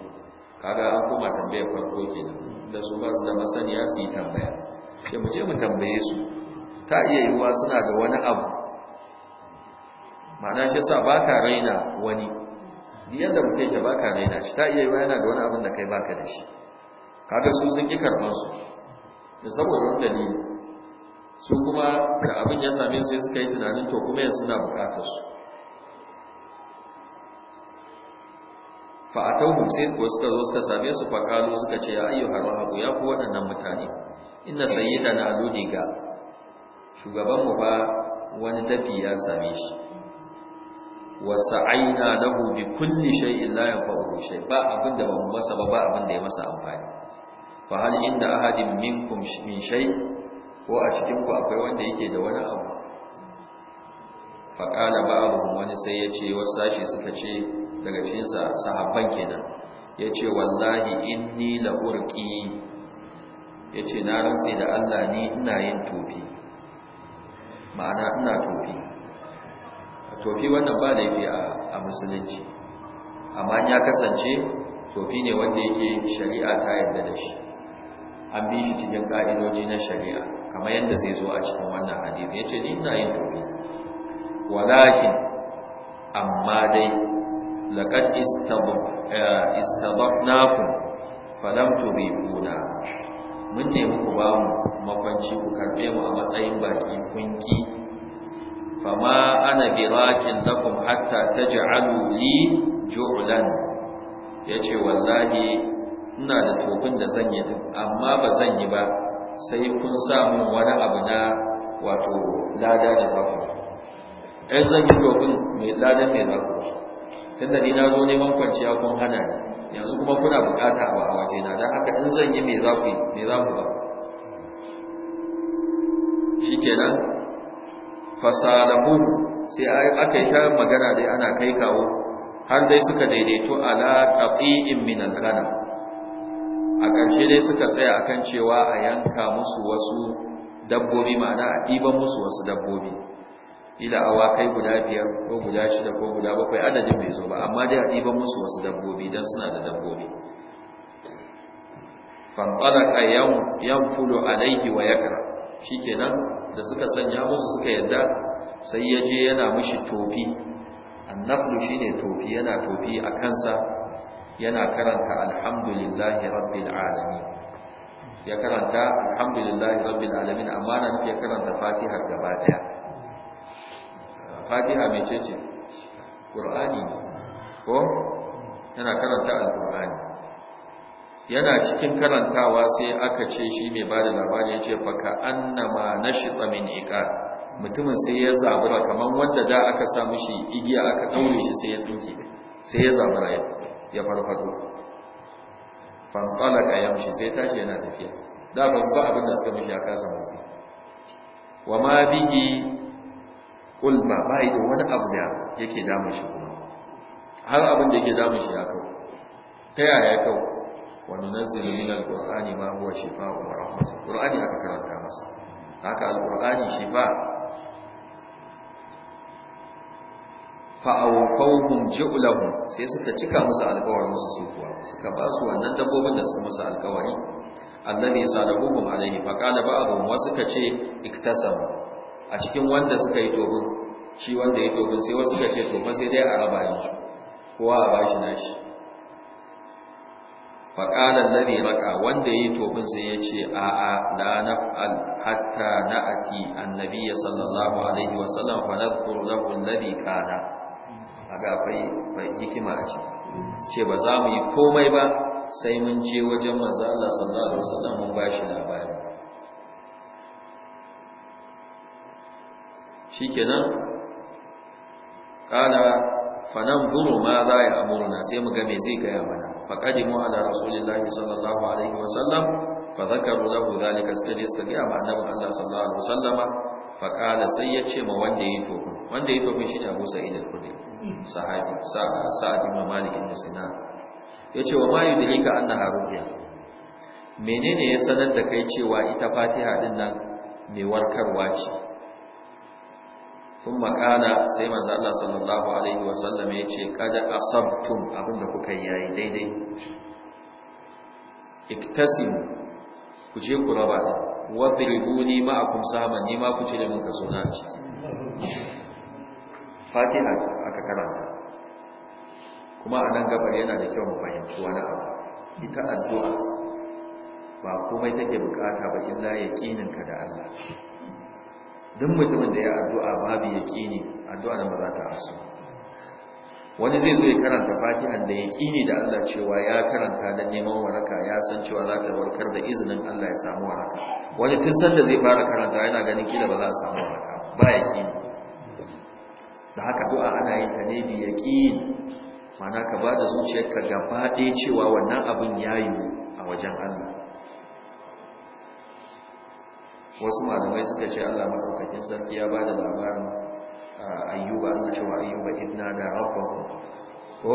kaga an koma tambayar farko ke da su ba su da masaniya su yi tambaya ke mu je mu tambaye su ta iya yiwuwa suna da wani abu ma'ana shi sa ba baka raina wani yadda mutum yake ka raina shi ta iya yi yana da wani abin da kai baka da shi kaga su sun ƙi karɓar su da saboda wanda ne su kuma da abin ya same su suka yi tunanin to kuma yanzu suna buƙatar su fa'atauhu sai ko suka zo suka same su faqalu suka ce ya har rahabu ya ku waɗannan mutane inna sayyidana ludiga ga shugabanmu ba wani dafi ya same shi wasa'aina lahu bi kulli shay'in la yanfa'uhu shay ba abinda ba mu masa ba ba abinda ya masa amfani fa hal inda ahadin minkum min shay ko a cikin ku akwai wanda yake da wani abu fa qala ba'dhum wani sai ya ce wasashi suka ce daga cikin sahabban kenan yace wallahi inni la urqi yace na rantsi da Allah ni ina yin tofi ma'ana ina tofi tofi wannan ba laifi a musulunci amma ya kasance tofi ne wanda yake shari'a ta yadda da shi an bi shi cikin ka'idoji na shari'a kamar yadda zai zo a cikin wannan hadisi yace ni ina yin tofi walakin amma dai laqad eh, istadafnakum falam tudibuna mun nemi ku ba mu makwanci ku karbe mu a matsayin baki kunki fama ana birakin lakum hatta taj'alu li ju'lan yace wallahi ina da tokin da zan yi amma ba zan yi ba sai kun sa mun wani abu na wato lada da zaku ɗan zan yi tokin mai ladan mai zaku tunda ni na zo neman kwanciya kun hana ni yanzu kuma kuna bukata a waje na dan haka in zan yi mai zaku me zaku ba shikenan fasalahu sai aka yi ta magana dai ana kai kawo har dai suka daidaito ala qati'in min al a ƙarshe dai suka tsaya akan cewa a yanka musu wasu dabbobi ma'ana a ɗiban musu wasu dabbobi ila kai guda biyar ko guda shida ko guda bakwai adadin bai zo ba amma dai a ɗiban musu wasu dabbobi don suna da dabbobi fanɓalaka yan fulo alaihi wa yakara shi kenan da suka sanya musu suka yadda sai ya je yana mishi tofi annablu ne tofi yana tofi a kansa yana karanta alhamdulillahi rabbil alami ya karanta alhamdulillahi rabbil alami amma nan ya karanta fatiha gaba daya fatiha mecece qur'ani ko yana karanta alqur'ani yana cikin karantawa sai aka ce shi mai ba da labari ya ce faka annama na shiɓa min iƙa mutumin sai ya zabura kamar wanda da aka sa shi igiya aka ɗaure shi sai ya tsinki sai ya zabura ya farfado ka yamshi sai tashi yana tafiya da ba abin da suka mishi ya kasa masu wa ma bihi ulma ba da wani abu da yake damun shi kuma har abin da yake damun shi ya kau ta yaya ya kau وننزل من القرآن ما هو شفاء ورحمة القرآن aka karanta masa haka alqur'ani shifa fa'awfawhum ju'lahum sai suka cika musu alkawarin su su kuwa suka ba su wannan dabbobin da suka musu alƙawari annabi salahuhum alaihi fa qala ba'dhum wa suka ce iktasabu a cikin wanda suka yi tobin shi wanda ya tobin sai wasu suka ce to fa sai dai a raba yanzu kowa a bashi nashi فقال الذي raka wanda ya yi tobin sai ya ce a'a la naf'al hatta na'ati annabiya sallallahu alaihi wasallam fa nadkur lahu alladhi hikima a ciki ce ba za mu yi komai ba sai mun je wajen manzo Allah sallallahu alaihi wasallam mun bashi labari shikenan kana fa nan buru ma za ya sai mu ga me zai gaya mana faqadimu ala rasulillahi sallallahu alaihi wasallam fa zakaru lahu zalika suka je suka ga annabin Allah sallallahu alaihi wasallama fa sai ya ce ma wanda yayi to wanda yayi to shine Abu Sa'id al-Khudri sahabi sa'ad ibn Malik ibn Sinan yace wa ma yudrika annaha ruqya menene ya sanar da kai cewa ita Fatiha din nan mai warkarwa ce sun makana sai manzo Allah sallallahu alaihi wasallam ya ce kada asabtum abinda kuka yayi daidai iktasimu ku je ku raba da a kun sama ni ma ku ce da mun kaso na ciki fatiha aka karanta kuma a nan gabar yana da kyau mu fahimci wani abu ita addu'a ba komai take bukata ba illa ka da Allah duk mutumin da ya addu'a babu yaqini addu'a da ba za ta asu wani zai zo ya karanta fatihan da yaqini da Allah cewa ya karanta dan neman waraka ya san cewa za ta warkar da izinin Allah ya samu waraka wani tun san zai fara karanta yana ganin kila ba za a samu waraka ba yaqini da haka du'a ana yin ta ne bi yaqini ma'ana ka bada zuciyarka gaba ɗaya cewa wannan abin yayi a wajen Allah wasu malamai suka ce Allah madaukakin sarki ya ba bada labarin ayyuba Allah wa ayyuba ibna da rabbahu ko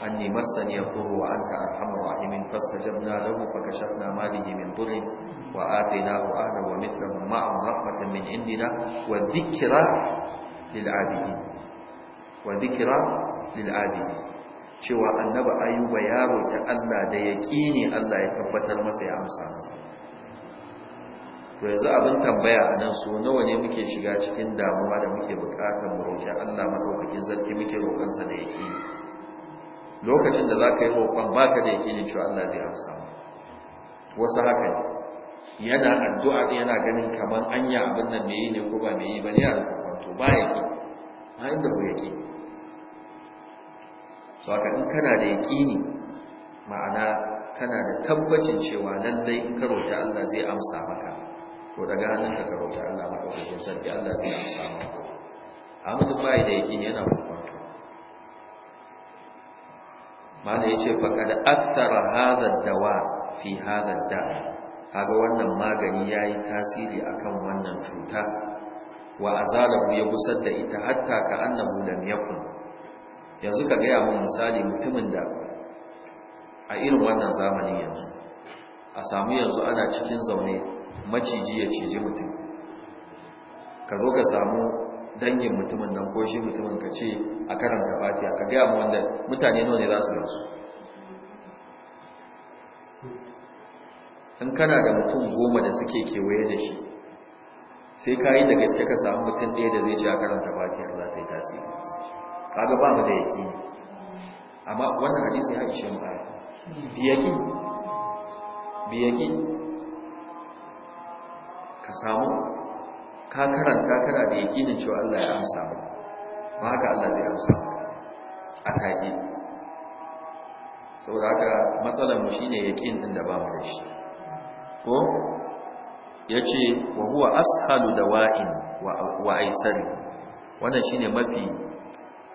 anni massani yadhurru wa anta arhamur rahimin fastajabna lahu fakashafna ma bihi min dhurrin wa atainahu ahlahu wa mithluhum ma'ahum rahmatan min indina wa dhikra lil 'abidin wa dhikra lil 'abidin cewa annabi ayyuba ya roki Allah da yaqini Allah ya tabbatar masa ya amsa masa to yanzu abin tambaya a nan so nawa ne muke shiga cikin damuwa da muke bukatar mu roƙi Allah madaukakin sarki muke sa da yake lokacin da zaka yi roƙon baka da yake ne cewa Allah zai amsa wasu haka ne yana addu'a yana ganin kamar anya abin nan me yi ne ko ba meye yi ba ne a to ba yake ba inda ko yake so haka in kana da yaƙini ma'ana kana da tabbacin cewa lallai in ka roƙi Allah zai amsa maka ko daga hannunka ka roƙi Allah madaukakin sarki Allah zai amsa samu amma duk bai da yake yana kwakwato mana yace kada athara hada dawa fi hada da kaga wannan magani yayi tasiri akan wannan cuta wa azalahu ya gusar da ita hatta ka annabu lam yakun yanzu ka gaya mun misali mutumin da a irin wannan zamanin yanzu a samu yanzu ana cikin zaune maciji ya cije mutum ka zo ka samu dangin mutumin nan ko shi mutumin ka ce a karanta fatiya ka gaya wanda mutane nawa ne za su gamsu in kana da mutum goma da suke kewaye da shi sai ka yi da gaske ka samu mutum ɗaya da zai ce a karanta fatiya za ta yi tasiri kaga ba mu da yaki amma wannan hadisi ya ishe mu biyaki biyaki ka samu ka karanta kana da yakinin cewa Allah ya amsa ba, ba haka Allah zai amsa maka a kaji saboda haka matsalar mu shine yakin din da babu da shi ko yace wa huwa ashalu dawa'in wa aisari wannan shine mafi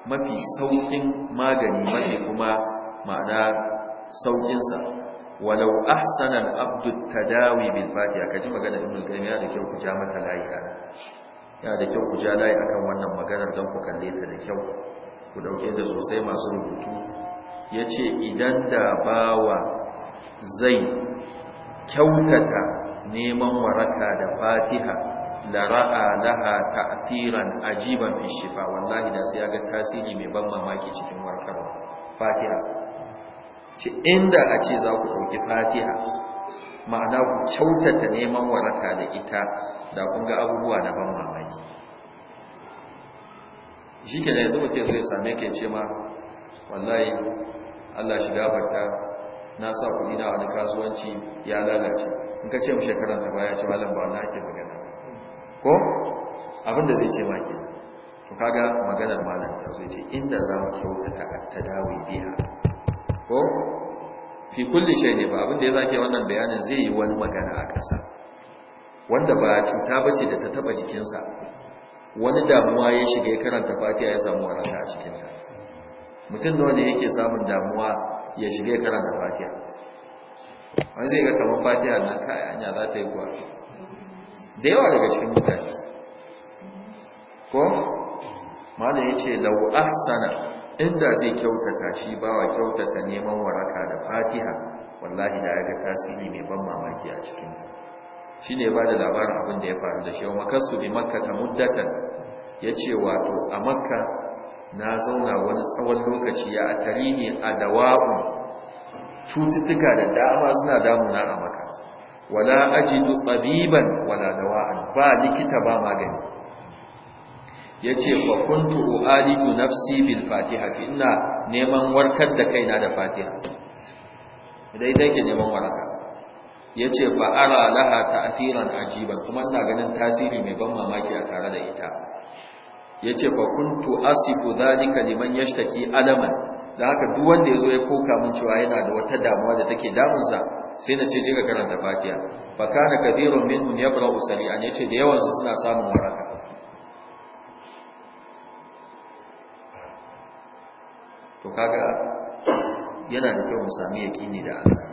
mafi saukin magani mafi kuma ma'ana saukin sa walau Ahsanan al-abdu tadawi bil fatiha kaji magana ibn ya da kyau ku ja mata layi ya da kyau ku ja layi akan wannan maganar dan ku kalle ta da kyau ku dauke da sosai masu rubutu yace idan da bawa zai kyautata neman waraka da fatiha la ra'a laha ta'thiran ajiban fi shifa wallahi da sai ya ga tasiri mai ban mamaki cikin warkarwa fatiha ce inda a ce za ku ɗauki fatiha ma'ana ku kyautata neman waraka da ita da kun ga abubuwa na ban mamaki shi ke yanzu mutum sai same ke ce ma wallahi allah shi gafarta na sa kuɗi na wani kasuwanci ya lalace in ka ce mu shekaran ta baya ce malam ba na ke magana ko abinda zai ce ma ke to kaga maganar malam ta zo ce inda za mu kyautata ta dawo biya ko fi kulli shay ne ba abinda ya zake wannan bayanin zai yi wani magana a ƙasa wanda ba cuta bace da ta taba jikinsa wani damuwa ya shiga ya karanta fatiha ya samu waraka a cikin ta mutum da wanda yake samun damuwa ya shiga ya karanta fatiha wani zai ga kamar fatiha na kai anya za ta yi kuwa da yawa daga cikin mutane ko malam yace lau ahsana inda zai kyautata shi bawa kyautata neman waraka da fatiha wallahi da yaga tasiri mai ban mamaki a cikin ta ne ba da labarin abin da ya faru da shi wa makasu bi makka ta muddatan ce wato a makka na zauna wani tsawon lokaci ya ne a dawa'u cututtuka da dama suna damuna a makka. wala ajidu tabiban wala dawa'an ba likita ba magani Ya ce, fa kuntu u'aliju nafsi bil fatiha ina neman warkar da kaina da fatiha idan idan ke neman waraka yace fa ara laha ta'thiran ajiban kuma ina ganin tasiri mai ban mamaki a tare da ita yace fa kuntu asifu dhalika liman yashtaki alaman da haka duk wanda yazo ya koka min cewa yana da wata damuwa da take damunsa sai na ce je karanta fatiha fa kana kabirun minhum yabra'u sari'an yace da yawan su suna samun waraka to kaga yana da kyau mu sami yakini da Allah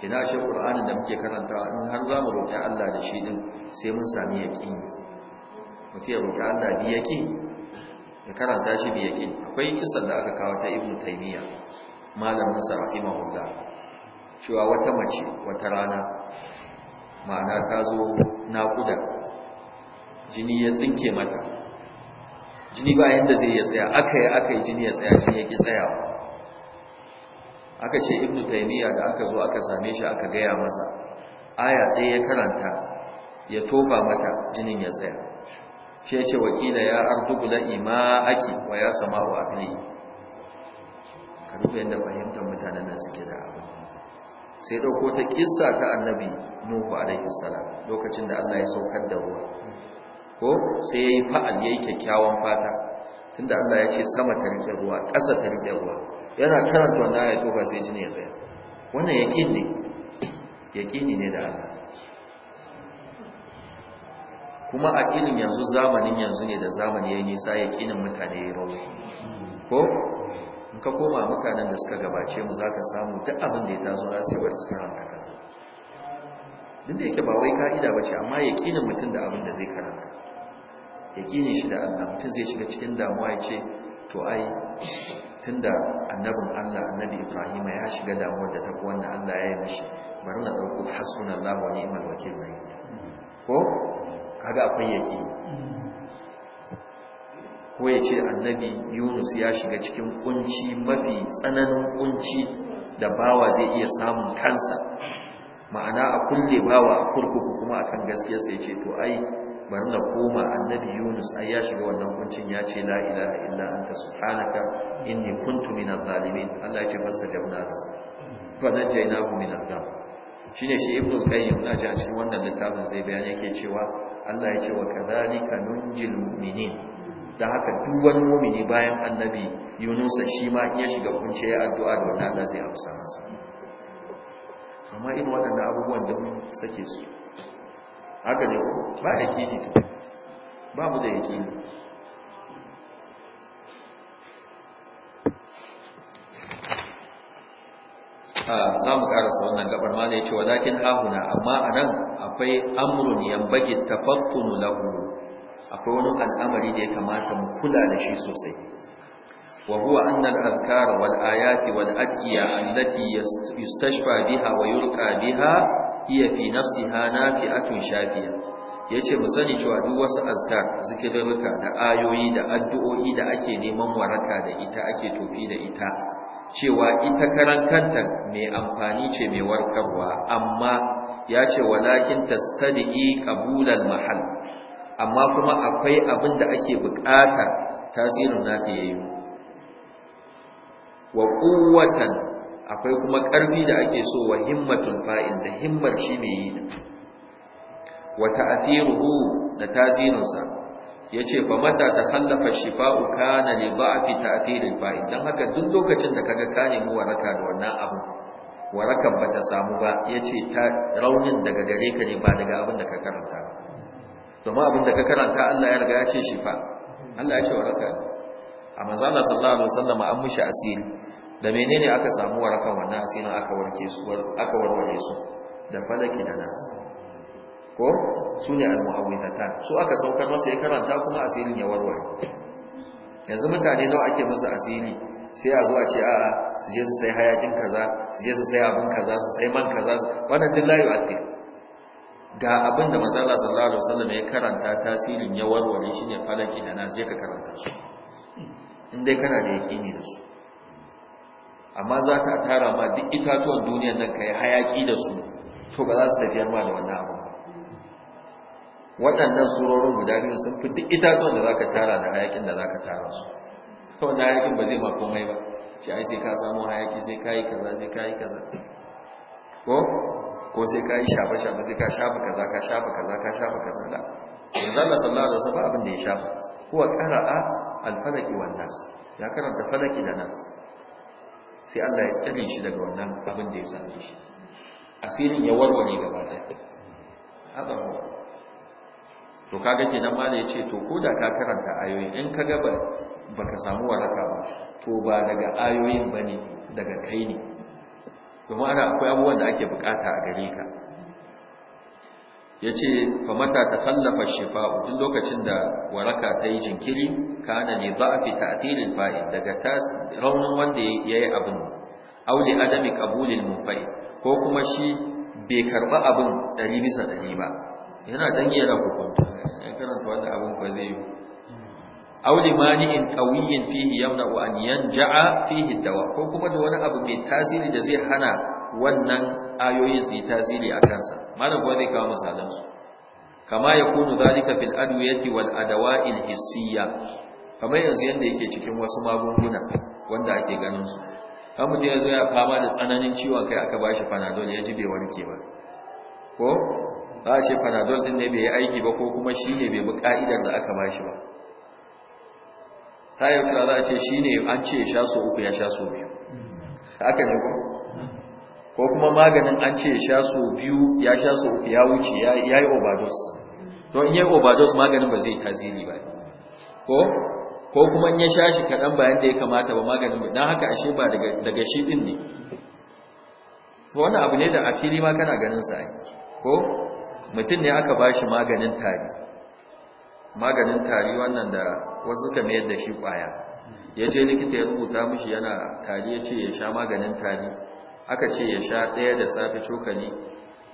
kina shi Qur'anin da muke karantawa in har za mu roƙi Allah da shi din sai mun sami yakini Mu ya roƙi Allah bi yakin ya karanta shi bi yakin akwai kisan da aka kawo ta ibnu taymiya malamin sa rahimahullah cewa wata mace wata rana ma'ana ta zo naƙuda jini ya tsinke mata jini ba yadda zai ya tsaya aka yi aka yi jini ya tsaya jini ya ki tsayawa aka ce ibnu taimiyya da aka zo aka same shi aka gaya masa aya ɗaya ya karanta ya toba mata jinin ya tsaya shi ya ce wakila ya ma ake wa ya sama sama'u yi? ka rufe yadda fahimtar mutanen nan suke da abu sai ɗauko ta kissa ta annabi nuhu alaihi salam lokacin da Allah ya saukar da ruwa ko sai ya yi fa'al yi kyakkyawan fata tunda Allah ya ce sama ta rike ruwa ƙasa ta rike ruwa yana karanta wannan ya tofa sai jini ya tsaye wannan yaƙin ne yaƙin ne da Allah kuma a irin yanzu zamanin yanzu ne da zamani ya yi nisa ya ƙinin mutane ya rauni ko in ka koma mutanen da suka gabace mu za ka samu duk abin da ya taso za sai yi suka hanta kaza duk da yake ba wai ka'ida ba ce amma ya ƙinin mutum da abin da zai karanta yaqini shi da Allah mutum zai shiga cikin damuwa ya ce to ai tun da annabin Allah annabi Ibrahim ya shiga damuwa da ta wanda Allah ya yi mishi bari na na Allah wani ni'mal wakil mai ko kaga akwai yaqini ko ya ce annabi Yunus ya shiga cikin kunci mafi tsananin kunci da bawa zai iya samun kansa ma'ana a kulle bawa a kurkuku kuma akan gaskiyarsa ya ce to ai bari na koma annabi yunus ai ya shiga wannan kuncin ya ce la ilaha illa anta subhanaka inni kuntu minadh zalimin Allah ya ce masa jabna fa najaynahu minadh min shine shi ne shi ibnu qayyim na ji a cikin wannan littafin zai bayan yake cewa Allah ya ce wa kadhalika nunjil mu'minin da haka duk wani mu'mini bayan annabi Yunus shi ma in ya shiga kunce ya addu'a da wannan Allah zai amsa masa amma irin waɗannan abubuwan da mun sake su haka ne ko ba da kini mu da yakini ah, za mu karasa wannan gabar ma ne ce zakin ahuna amma a nan akwai amrun yambage tafattunu lahu akwai wani al'amari da ya kamata mu kula da shi sosai wa huwa anna al-adhkar wal ayati wal adiya allati yustashfa biha wa yulqa biha hiya fi nafsiha nafi'atun shafiya yace mu sani cewa duk wasu azkar zikirruka da ayoyi da addu'o'i da ake neman waraka da ita ake tofi da ita cewa ita karan kanta mai amfani ce mai warkarwa amma yace walakin tastadi qabulal mahal amma kuma akwai abin da ake bukata tasirin nata yayi wa quwwatan akwai kuma ƙarfi da ake so wa himmatun fa'il da himmar shi mai yi wa ta'athiruhu da ya yace fa mata ta khallafa shifa'u kana li ba'fi ta'thiril fa'il dan haka duk lokacin da kaga ka nemi waraka da wannan abu warakan ba ta samu ba yace ta raunin daga gare ka ne ba daga abin da ka karanta domin abin da ka karanta Allah ya riga ya ce shifa Allah ya ce waraka a manzana sallallahu alaihi wasallam an mushi asiri da menene aka samu warakan wannan asirin aka warke su aka warware su da falaki da nas ko su ne almu'awwidatan su aka saukar masa ya karanta kuma asirin ya warware yanzu mutane nawa ake musu asiri sai a zo a ce a'a su je su sai hayakin kaza su je su sai abin kaza su sai man kaza wannan duk layu ake ga abin da manzo Allah sallallahu alaihi wasallam ya karanta tasirin ya warware shi ne falaki da nas je ka karanta su in dai kana da yaqini da su amma za ka tara ma duk itatuwan duniyan nan ka yi hayaƙi da su to ba za su tafiyar ma da wannan abu waɗannan surorin guda biyu sun fi duk itatuwan da za ka tara da hayaƙin da za ka tara su ta wannan hayaƙin ba zai ma komai ba ce ai sai ka samu hayaƙi sai ka yi kaza sai ka yi kaza ko ko sai ka yi shafa shafa sai ka shafa kaza ka shafa kaza ka shafa kaza da yanzu Allah sallallahu alaihi wasallam abin da ya shafa huwa qara'a al-falaqi wan nas ya karanta falaki da nas sai Allah ya tsare shi daga wannan abin da ya same shi asirin ya warware gaba ɗaya haka to kaga kenan ma ya ce to ko da ka karanta ayoyi in ka ba ka samu waraka ba to ba daga ayoyin ba ne, daga kai ne domin ana akwai abubuwan da ake bukata a gare ka ya ce fa mata ta kallafa shifa'u duk lokacin da waraka ta yi jinkiri kana ne za a fi ta'atirin fa'in daga raunin wanda ya yi abin auli adami kabulin mufai ko kuma shi bai karba abin ɗari bisa ɗari ba yana ɗan yana hukunta yana karanta wanda abin ba zai yi auli mani'in qawiyin fihi yamna wa an yanja'a fihi dawa ko kuma da wani abu mai tasiri da zai hana wannan ayoyin su yi tasiri a kansa malam kuma zai kawo misalansu kama ya kunu zalika fil adwiyati wal adawa'il hissiyya kamar yanzu yanda yake cikin wasu magunguna wanda ake ganin su kan mutum yanzu ya fama da tsananin ciwon kai aka bashi panadol ya ji bai warke ba ko za a ce panadol din ne bai yi aiki ba ko kuma shi ne bai bi ka'idar da aka bashi ba ta yi za a ce shi ne an ce ya sha so uku ya sha so biyu haka ne ko ko kuma maganin an ce sha su biyu ya sha su ya wuce ya yi overdose don in yi overdose maganin ba zai tasiri ba ko ko kuma in ya sha shi kaɗan bayan da ya kamata ba maganin ba don haka ashe ba daga shi ɗin ne wani abu ne da a fili ma kana ganin sa ko mutum ne aka bashi shi maganin tari maganin tari wannan da wasu suka mayar da shi kwaya ya je likita ya rubuta mishi yana tari ya ce ya sha maganin tari aka ce ya sha ɗaya da safe cokali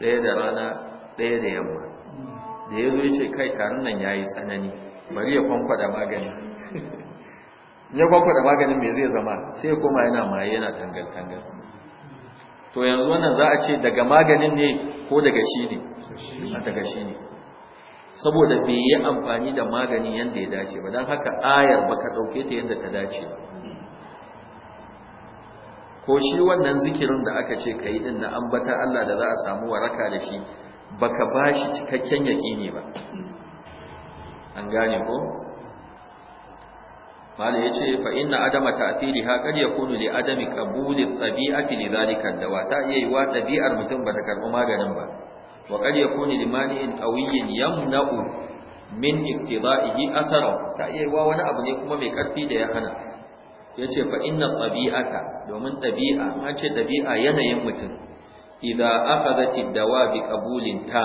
ɗaya da rana ɗaya da yamma da ya zo ya ce kai tarin nan ya yi tsanani bari ya kwankwada magani [LAUGHS] ya kwankwada maganin mai zai zama sai ya koma yana maye yana tangal-tangal to yanzu wannan za a ce daga maganin ne ko daga shi ne a daga shi ne saboda bai yi amfani da magani yadda ya dace ba don haka ayar baka ɗauke ta yadda ta dace ba ko shi wannan zikirin da aka ce ka yi din na ambata Allah da za a samu waraka da shi baka ba shi cikakken yaƙini ba an gane ko mala ya ce fa inna adama ta'thiri ha kad yakunu li adami qabuli tabi'ati li zalika dawa ta iya wa ɗabi'ar mutum ba ta karɓi maganin ba wa kad yakunu li mani'in qawiyyin yamna'u min iktida'ihi asarar, ta iya wa wani abu ne kuma mai karfi da ya hana Ya ce fa inna tabi'ata domin tabi'a an ce tabi'a yanayin mutum idan akhadati dawa bi qabulin ta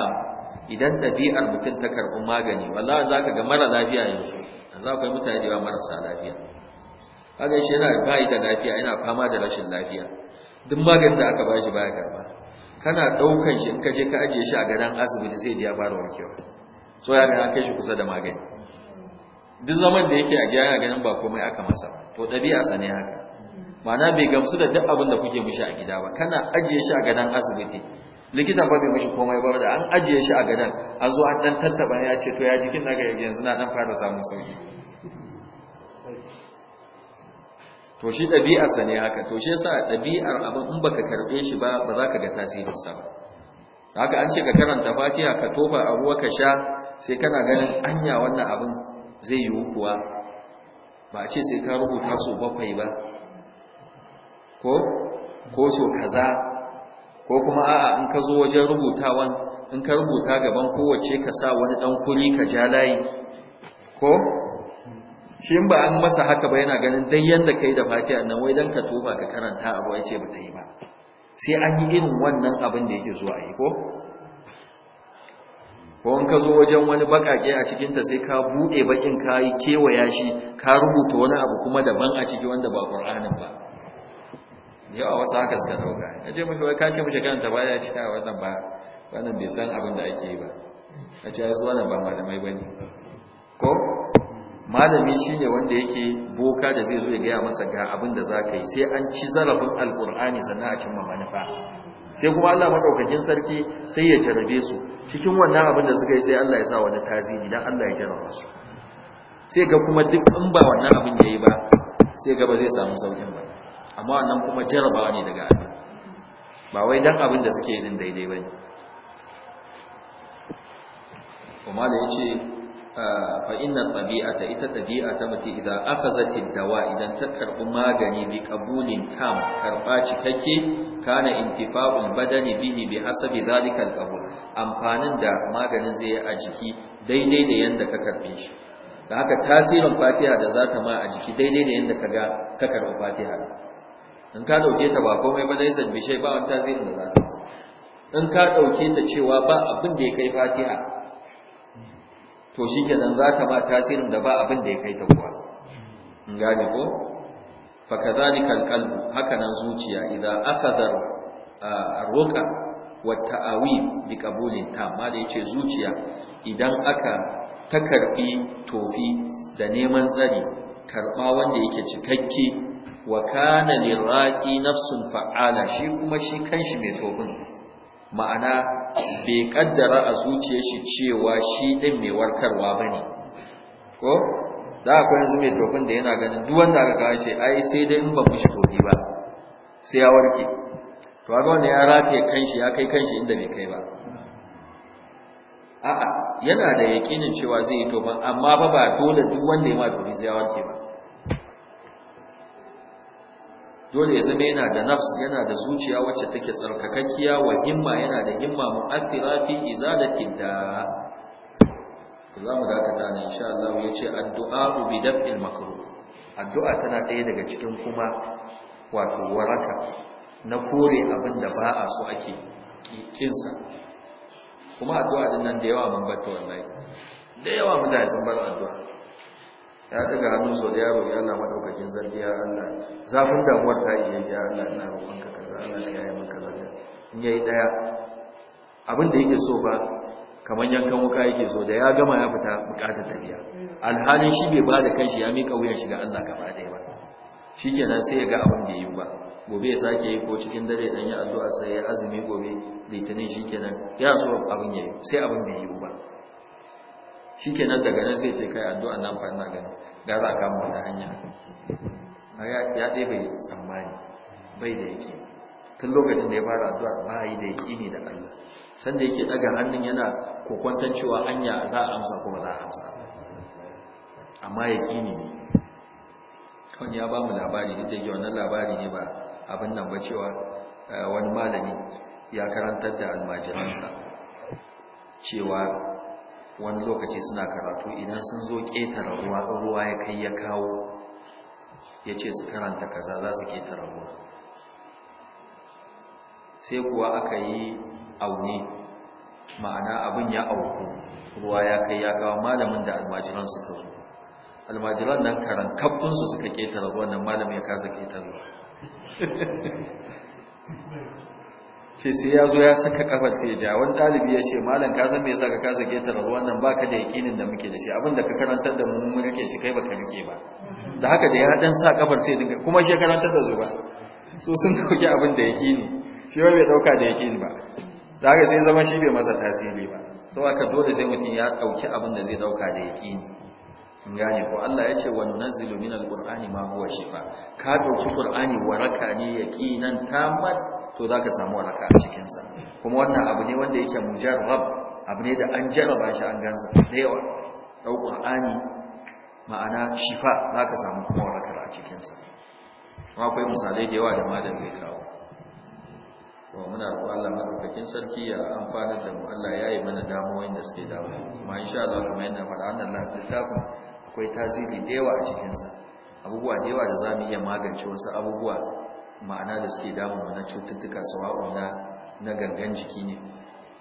idan ɗabi'ar mutum ta karbi magani wallahi zaka ga mara lafiya yanzu za ku yi mutane da marasa lafiya kaga shi yana bai da lafiya yana fama da rashin lafiya duk maganin da aka bashi baya karba kana daukan shi in ka je ka ajiye shi a gadan asibiti sai ji ya fara warkewa so ya ga kai shi kusa da magani duk zaman da yake a gida yana ganin ba komai aka masa ba to ɗabi'a sane haka ma'ana bai gamsu da duk abin da kuke mishi a gida ba kana ajiye shi a gadon asibiti likita ba bai mishi komai ba da an ajiye shi a gadon a zo an dan tattaba ya ce to ya jikin daga yanzu na dan fara samun sauki to shi ɗabi'arsa ne haka to shi yasa ɗabi'ar abin in baka karɓe shi ba ba za ka ga tasirinsa ba haka an ce ka karanta fatiha ka tofa a ruwa ka sha sai kana ganin anya wannan abin zai yiwu kuwa ba a ce sai ka rubuta su bakwai ba ko ko so kaza ko kuma a'a in ka zo wajen rubutawan in ka rubuta gaban kowace ka sa wani dan kuri ka ja layi ko shi ba an masa haka ba yana ganin dai yanda kai da fati nan wai dan ka tuba ka karanta abu ya ce ba ta yi ba sai an yi irin wannan abin da yake zuwa yi ko ko in ka zo wajen wani bakake a cikinta sai ka buɗe bakin ka yi kewaya shi ka rubuta wani abu kuma daban a ciki wanda ba ƙur'anin ba yawa wasu haka suka dauka na ce mashi wai ka ce mashi ta baya ya ah, cika wannan ba wannan bai san abin da ake yi ba a ce ya wannan ba malamai ba ne ko malami shi ne wanda yake boka da zai zo ya gaya masa ga abin da za ka yi sai an ci zarafin alƙur'ani sannan a cimma manufa sai kuma Allah madaukakin sarki sai ya jarabe su cikin wannan abin da suka yi sai Allah ya sa wani tazini dan Allah ya jarabe su sai ga kuma duk an ba wannan abin yayi ba sai ga ba zai samu saukin ba amma wannan kuma jarabawa ne daga Allah ba wai dan abin da suke yin daidai bane kuma da yace Ah, fa inna tabi'ata ita tabi'a ta mutum idan akhazatin dawa idan ta karbi magani bi qabulin tam karba cikakke kana intifa'ul badani bihi bi hasabi zalika alqabul amfanin da maganin zai a jiki daidai da yanda ka karbe shi da haka tasirin fatiha da zata ma a jiki daidai da yanda kaga ka karbi fatiha in ka dauke ta ba komai ba dai san bishai ba wani tasirin da zata in ka dauke ta cewa ba abin da ya kai fatiha to shi kenan za ka ma tasirin da ba abin da ya kai ta kuwa in gane ko fakazalika alqalbu haka nan zuciya idan akhadar ruqa wa ta'awil bi qabulin tamma da yace zuciya idan aka ta tofi da neman tsari karɓa wanda yake cikakke wa kana liraqi nafsun fa'ala shi kuma shi kanshi mai tofin ma'ana bai kaddara a zuciyar shi cewa shi din mai warkarwa bane ko da akwai yanzu mai tofin da yana ganin duk wanda aka kawo ce ai sai dai in ba mu shi tofi ba sai ya warke to ga wanda ya rataye kanshi ya kai kanshi inda bai kai ba a'a yana da yakinin cewa zai yi tofin amma ba ba dole duk wanda ya ma tofi sai ya warke ba dole ya zama yana da nafs yana da zuciya wacce take tsarkakakkiya wa himma yana da himma mu'athira fi izalati da za mu dakata ne insha Allah ya ce addu'a bi daf'il makruh addu'a tana ɗaya daga cikin kuma wato waraka na kore abin da ba a so ake kinsa kuma addu'a din nan da yawa mun bata wallahi da yawa mutane sun bar addu'a ya daga hannun sau da ya na maɗaukakin madaukakin ya Allah zafin damuwar ta iya ya Allah ina roƙon ka kaza Allah ya yi maka kaza in yayi ɗaya, abin da yake so ba kamar yankan wuka yake so da ya gama ya fita bukatar tafiya alhalin shi bai ba bada kanshi ya mika wuyan shi ga Allah gaba ɗaya ba shikenan sai ya ga abin da yi ba gobe ya sake yi ko cikin dare dan ya addu'a sai ya azumi gobe litinin shikenan ya so abin yayi sai abin bai yi ba nan daga nan sai ce kai addu'a nan fa ina gani ga za a kama wata hanya ya ɗaya bai tsammani bai da yake tun lokacin da ya fara addu'a ba yi da yake da Allah sanda yake ɗaga hannun yana kokwantar cewa hanya za a amsa kuma za a amsa amma ƙini ne wani ya ba mu labari duk da yake wannan labari ne ba abin nan ba cewa eh, wani malami ya karantar da almajiransa cewa wani lokaci suna karatu idan sun zo ƙetare ruwa ruwa ya kai ya kawo ya ce su karanta kaza za su ƙetare ruwa sai kuwa aka yi aune ma'ana abin ya auku ruwa ya kai ya kawo malamin da almajiran suka zo almajiran nan karan kabbinsu suka ƙetare ruwa, nan malamin ya kasa ƙetare ruwa [LAUGHS] ce sai ya zo ya saka kafar sai ja wani ɗalibi ya ce malam ka san me yasa ka kasa ketare ruwan nan baka da yakinin da muke da shi abin da ka karantar da mu mun rike shi kai baka rike ba da haka da ya dan sa kafar sai dinga kuma shi karantar da ba. so sun dauki abin da yakini shi ba bai dauka da yakini ba da haka sai zama shi bai masa tasiri ba sau aka dole sai mutum ya dauki abin da zai dauka da yakini in gane ko Allah ya ce wa nazilu min alqur'ani ma huwa shifa ka dauki qur'ani waraka ne yaqinan tamat to za ka samu alaka a cikinsa kuma wannan abu ne wanda yake mujarrab abu ne da an jaraba shi an gansa da yawa ɗau ƙur'ani ma'ana shifa za ka samu kuma alaka a cikinsa kuma akwai misalai da yawa da malam zai kawo wa muna roƙon Allah madaukakin sarki ya amfana da mu Allah yayi mana damuwoyin da suke damu kuma insha Allah kamar yadda faɗa ya littafin akwai tasiri da yawa a cikin abubuwa da yawa da zamu iya magance wasu abubuwa ma'ana da suke damu na cututtuka sawa'u na na gangan jiki ne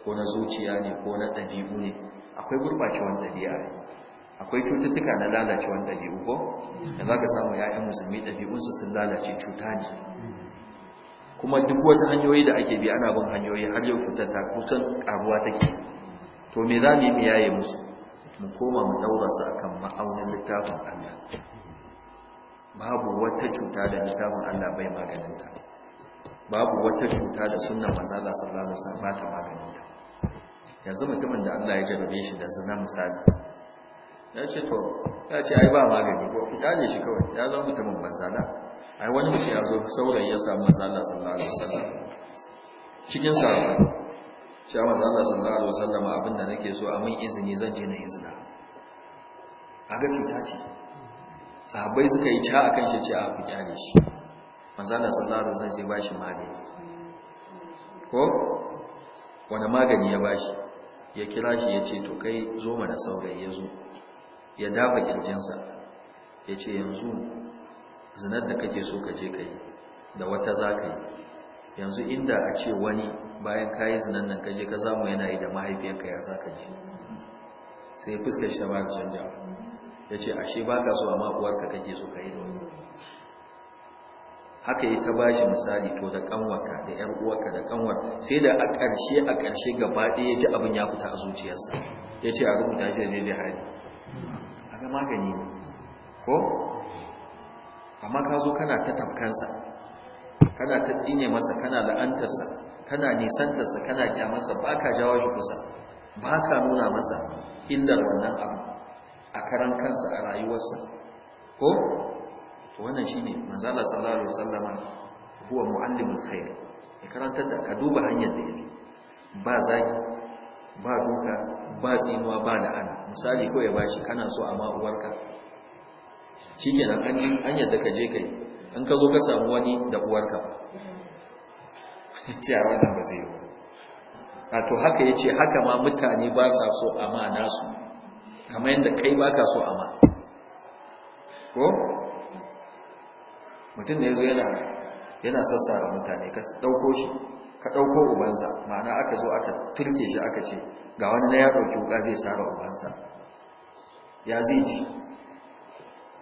ko na zuciya ne ko na ɗabi'u ne akwai gurɓacewan ɗabi'a akwai cututtuka na lalacewan ɗabi'u ko da za ka samu ya'yan musulmi ɗabi'unsu sun lalace cuta ne kuma duk wata hanyoyi da ake bi ana bin hanyoyi har yau cutar ta kusan ƙaruwa take to me za mu yi mu yaye musu mu koma mu ɗaura su akan ma'aunin littafin Allah babu wata cuta da littafin Allah bai maganinta babu wata cuta da sunnan manzala sallallahu alaihi wasallam ba ta maganinta yanzu mutumin da Allah ya jarabe shi da zina misali ya ce to ya ce ai ba magani ko kitabe shi kawai ya zama mutumin manzala ai wani mutum ya zo saurayi ya samu manzala sallallahu alaihi wasallam cikin sahabbai shi manzala sallallahu alaihi wasallam abinda nake so a mun izini zan je na izina ga cuta ce sahabbai suka yi ca akan shi ce a ku kyale shi manzala sallallahu alaihi wasallam sai ba shi magani ko wani magani ya ba ya kira shi ya ce to kai zo mana saurayi ya zo ya dafa kirjinsa ya ce yanzu zinar da kake so ka je ka yi da wata za ka yi yanzu inda a ce wani bayan ka yi zinan nan ka je ka zamu yana yi da mahaifiyarka ya za ka je sai fuskar shi ta ba ta canja ya ce ashe ba ka so amma ka kake so ka yi domin haka yi ta bashi misali to da kanwarka da ‘yan uwarka da kanwar sai da a ƙarshe a ƙarshe gaba ɗaya ya ji abin ya fita a zuciyarsa ya ce a rubuta shi da je jihari a ga magani ne ko amma ka zo kana ta tafkansa kana ta tsine masa kana la'antarsa kana nisantarsa kana masa ba ka jawo shi kusa ba ka nuna masa illar wannan abu a karan kansa a rayuwarsa ko wannan shine manzala sallallahu alaihi wasallama huwa muallimul khair ya karantar da ka duba hanyar da yake ba zaki ba duka ba tsinuwa ba la'ana misali ko ya bashi kana so amma uwarka shikenan an yi an yadda ka je kai an ka zo ka samu wani da uwarka [LAUGHS] ce a wannan ba zai yi a to haka ya ce haka ma mutane ba sa so a ma nasu. kamar yadda kai ba ka so a ma ko mutum da ya zo yana sassara mutane ka ɗauko shi ka ɗauko ubansa ma'ana aka zo aka turke shi aka ce ga wani na ya ɗauki wuka zai sara ubansa ya zai ji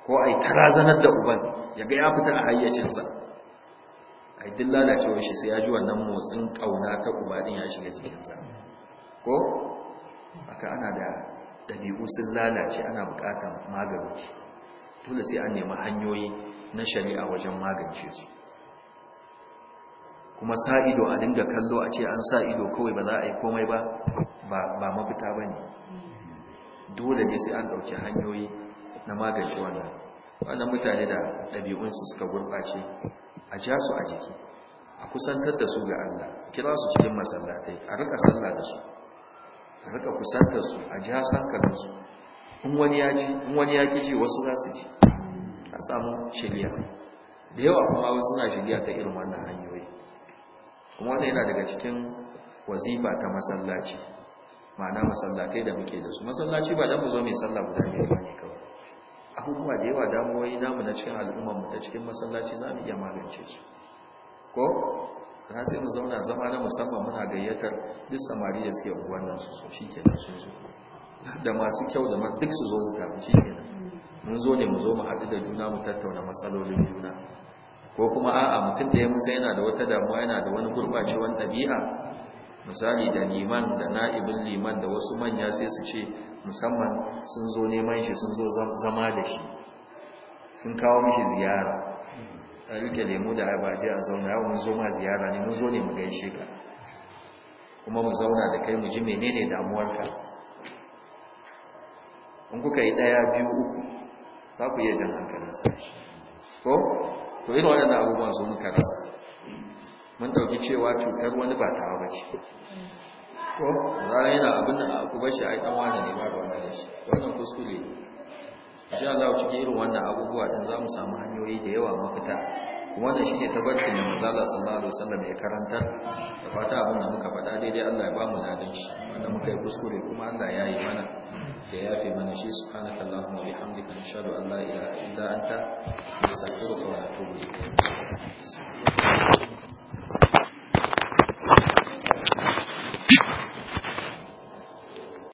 ko a yi tarazanar da uban ya ga ya fita a hayyacinsa a yi duk lalacewar shi sai ya ji wannan motsin ƙauna ta uba ɗin ya shiga jikinsa ko aka ana da ɗabi'u sun lalace ana buƙatar magani dole sai an nemi hanyoyi na shari'a wajen magance su kuma sa a dinga kallo a ce an sa ido kawai ba za a yi komai ba ba mafita ba ne dole ne sai an ɗauki hanyoyi na magance wannan wannan mutane da ɗabi'unsu suka gurɓace a ja su a jiki a kusantar da su ga Allah kira su cikin masallatai a rika sallah da su su rika kusantar su a ji hasankalin su in wani ya ji in wani ya ji wasu za su ji a samu shirya da yawa kuma wasu na shirya ta irin wannan hanyoyi kuma wannan yana daga cikin wazifa ta masallaci ma'ana masallatai da muke da su masallaci ba dan mu zo mai sallah guda biyar ba ne kawai abubuwa da yawa damuwoyi namu na cikin al'umma mu ta cikin masallaci za mu iya magance su ko na sai mu zauna zama na musamman muna gayyatar duk samari da suke unguwan nan su so shi kenan sun zo da masu kyau da duk su zo su tafi shi kenan mun zo ne mu zo mu haɗu da juna mu tattauna matsalolin juna ko kuma a'a mutum da ya musa yana da wata damuwa yana da wani gurɓacewan ɗabi'a misali da liman da na'ibin liman da wasu manya sai su ce musamman sun zo neman shi sun zo zama da shi sun kawo mishi ziyara a rike lemu da abaje a zauna yawon mun zo ma ziyara ne mun zo ne mu gaishe ka kuma mu zauna da kai mu ji menene damuwarka in kuka yi ɗaya biyu uku za ku iya jan sa ko to irin waɗannan abubuwan zo muka rasa mun ɗauki cewa cutar wani ba ta ba ce ko zara yana abin da ku bashi a ɗan wani ne ba ruwa da shi wannan kuskure ne insha Allah cikin irin wannan abubuwa din mu samu hanyoyi da yawa mafita wannan shine tabarkin da manzo Allah sallallahu alaihi wasallam ya karanta da fata abin da muka faɗa daidai Allah ya ba mu ladan shi wanda muka yi kuskure kuma Allah ya yi mana da yafe mana shi subhanaka allahumma bihamdika ashhadu an la ilaha illa anta astaghfiruka wa atubu ilayk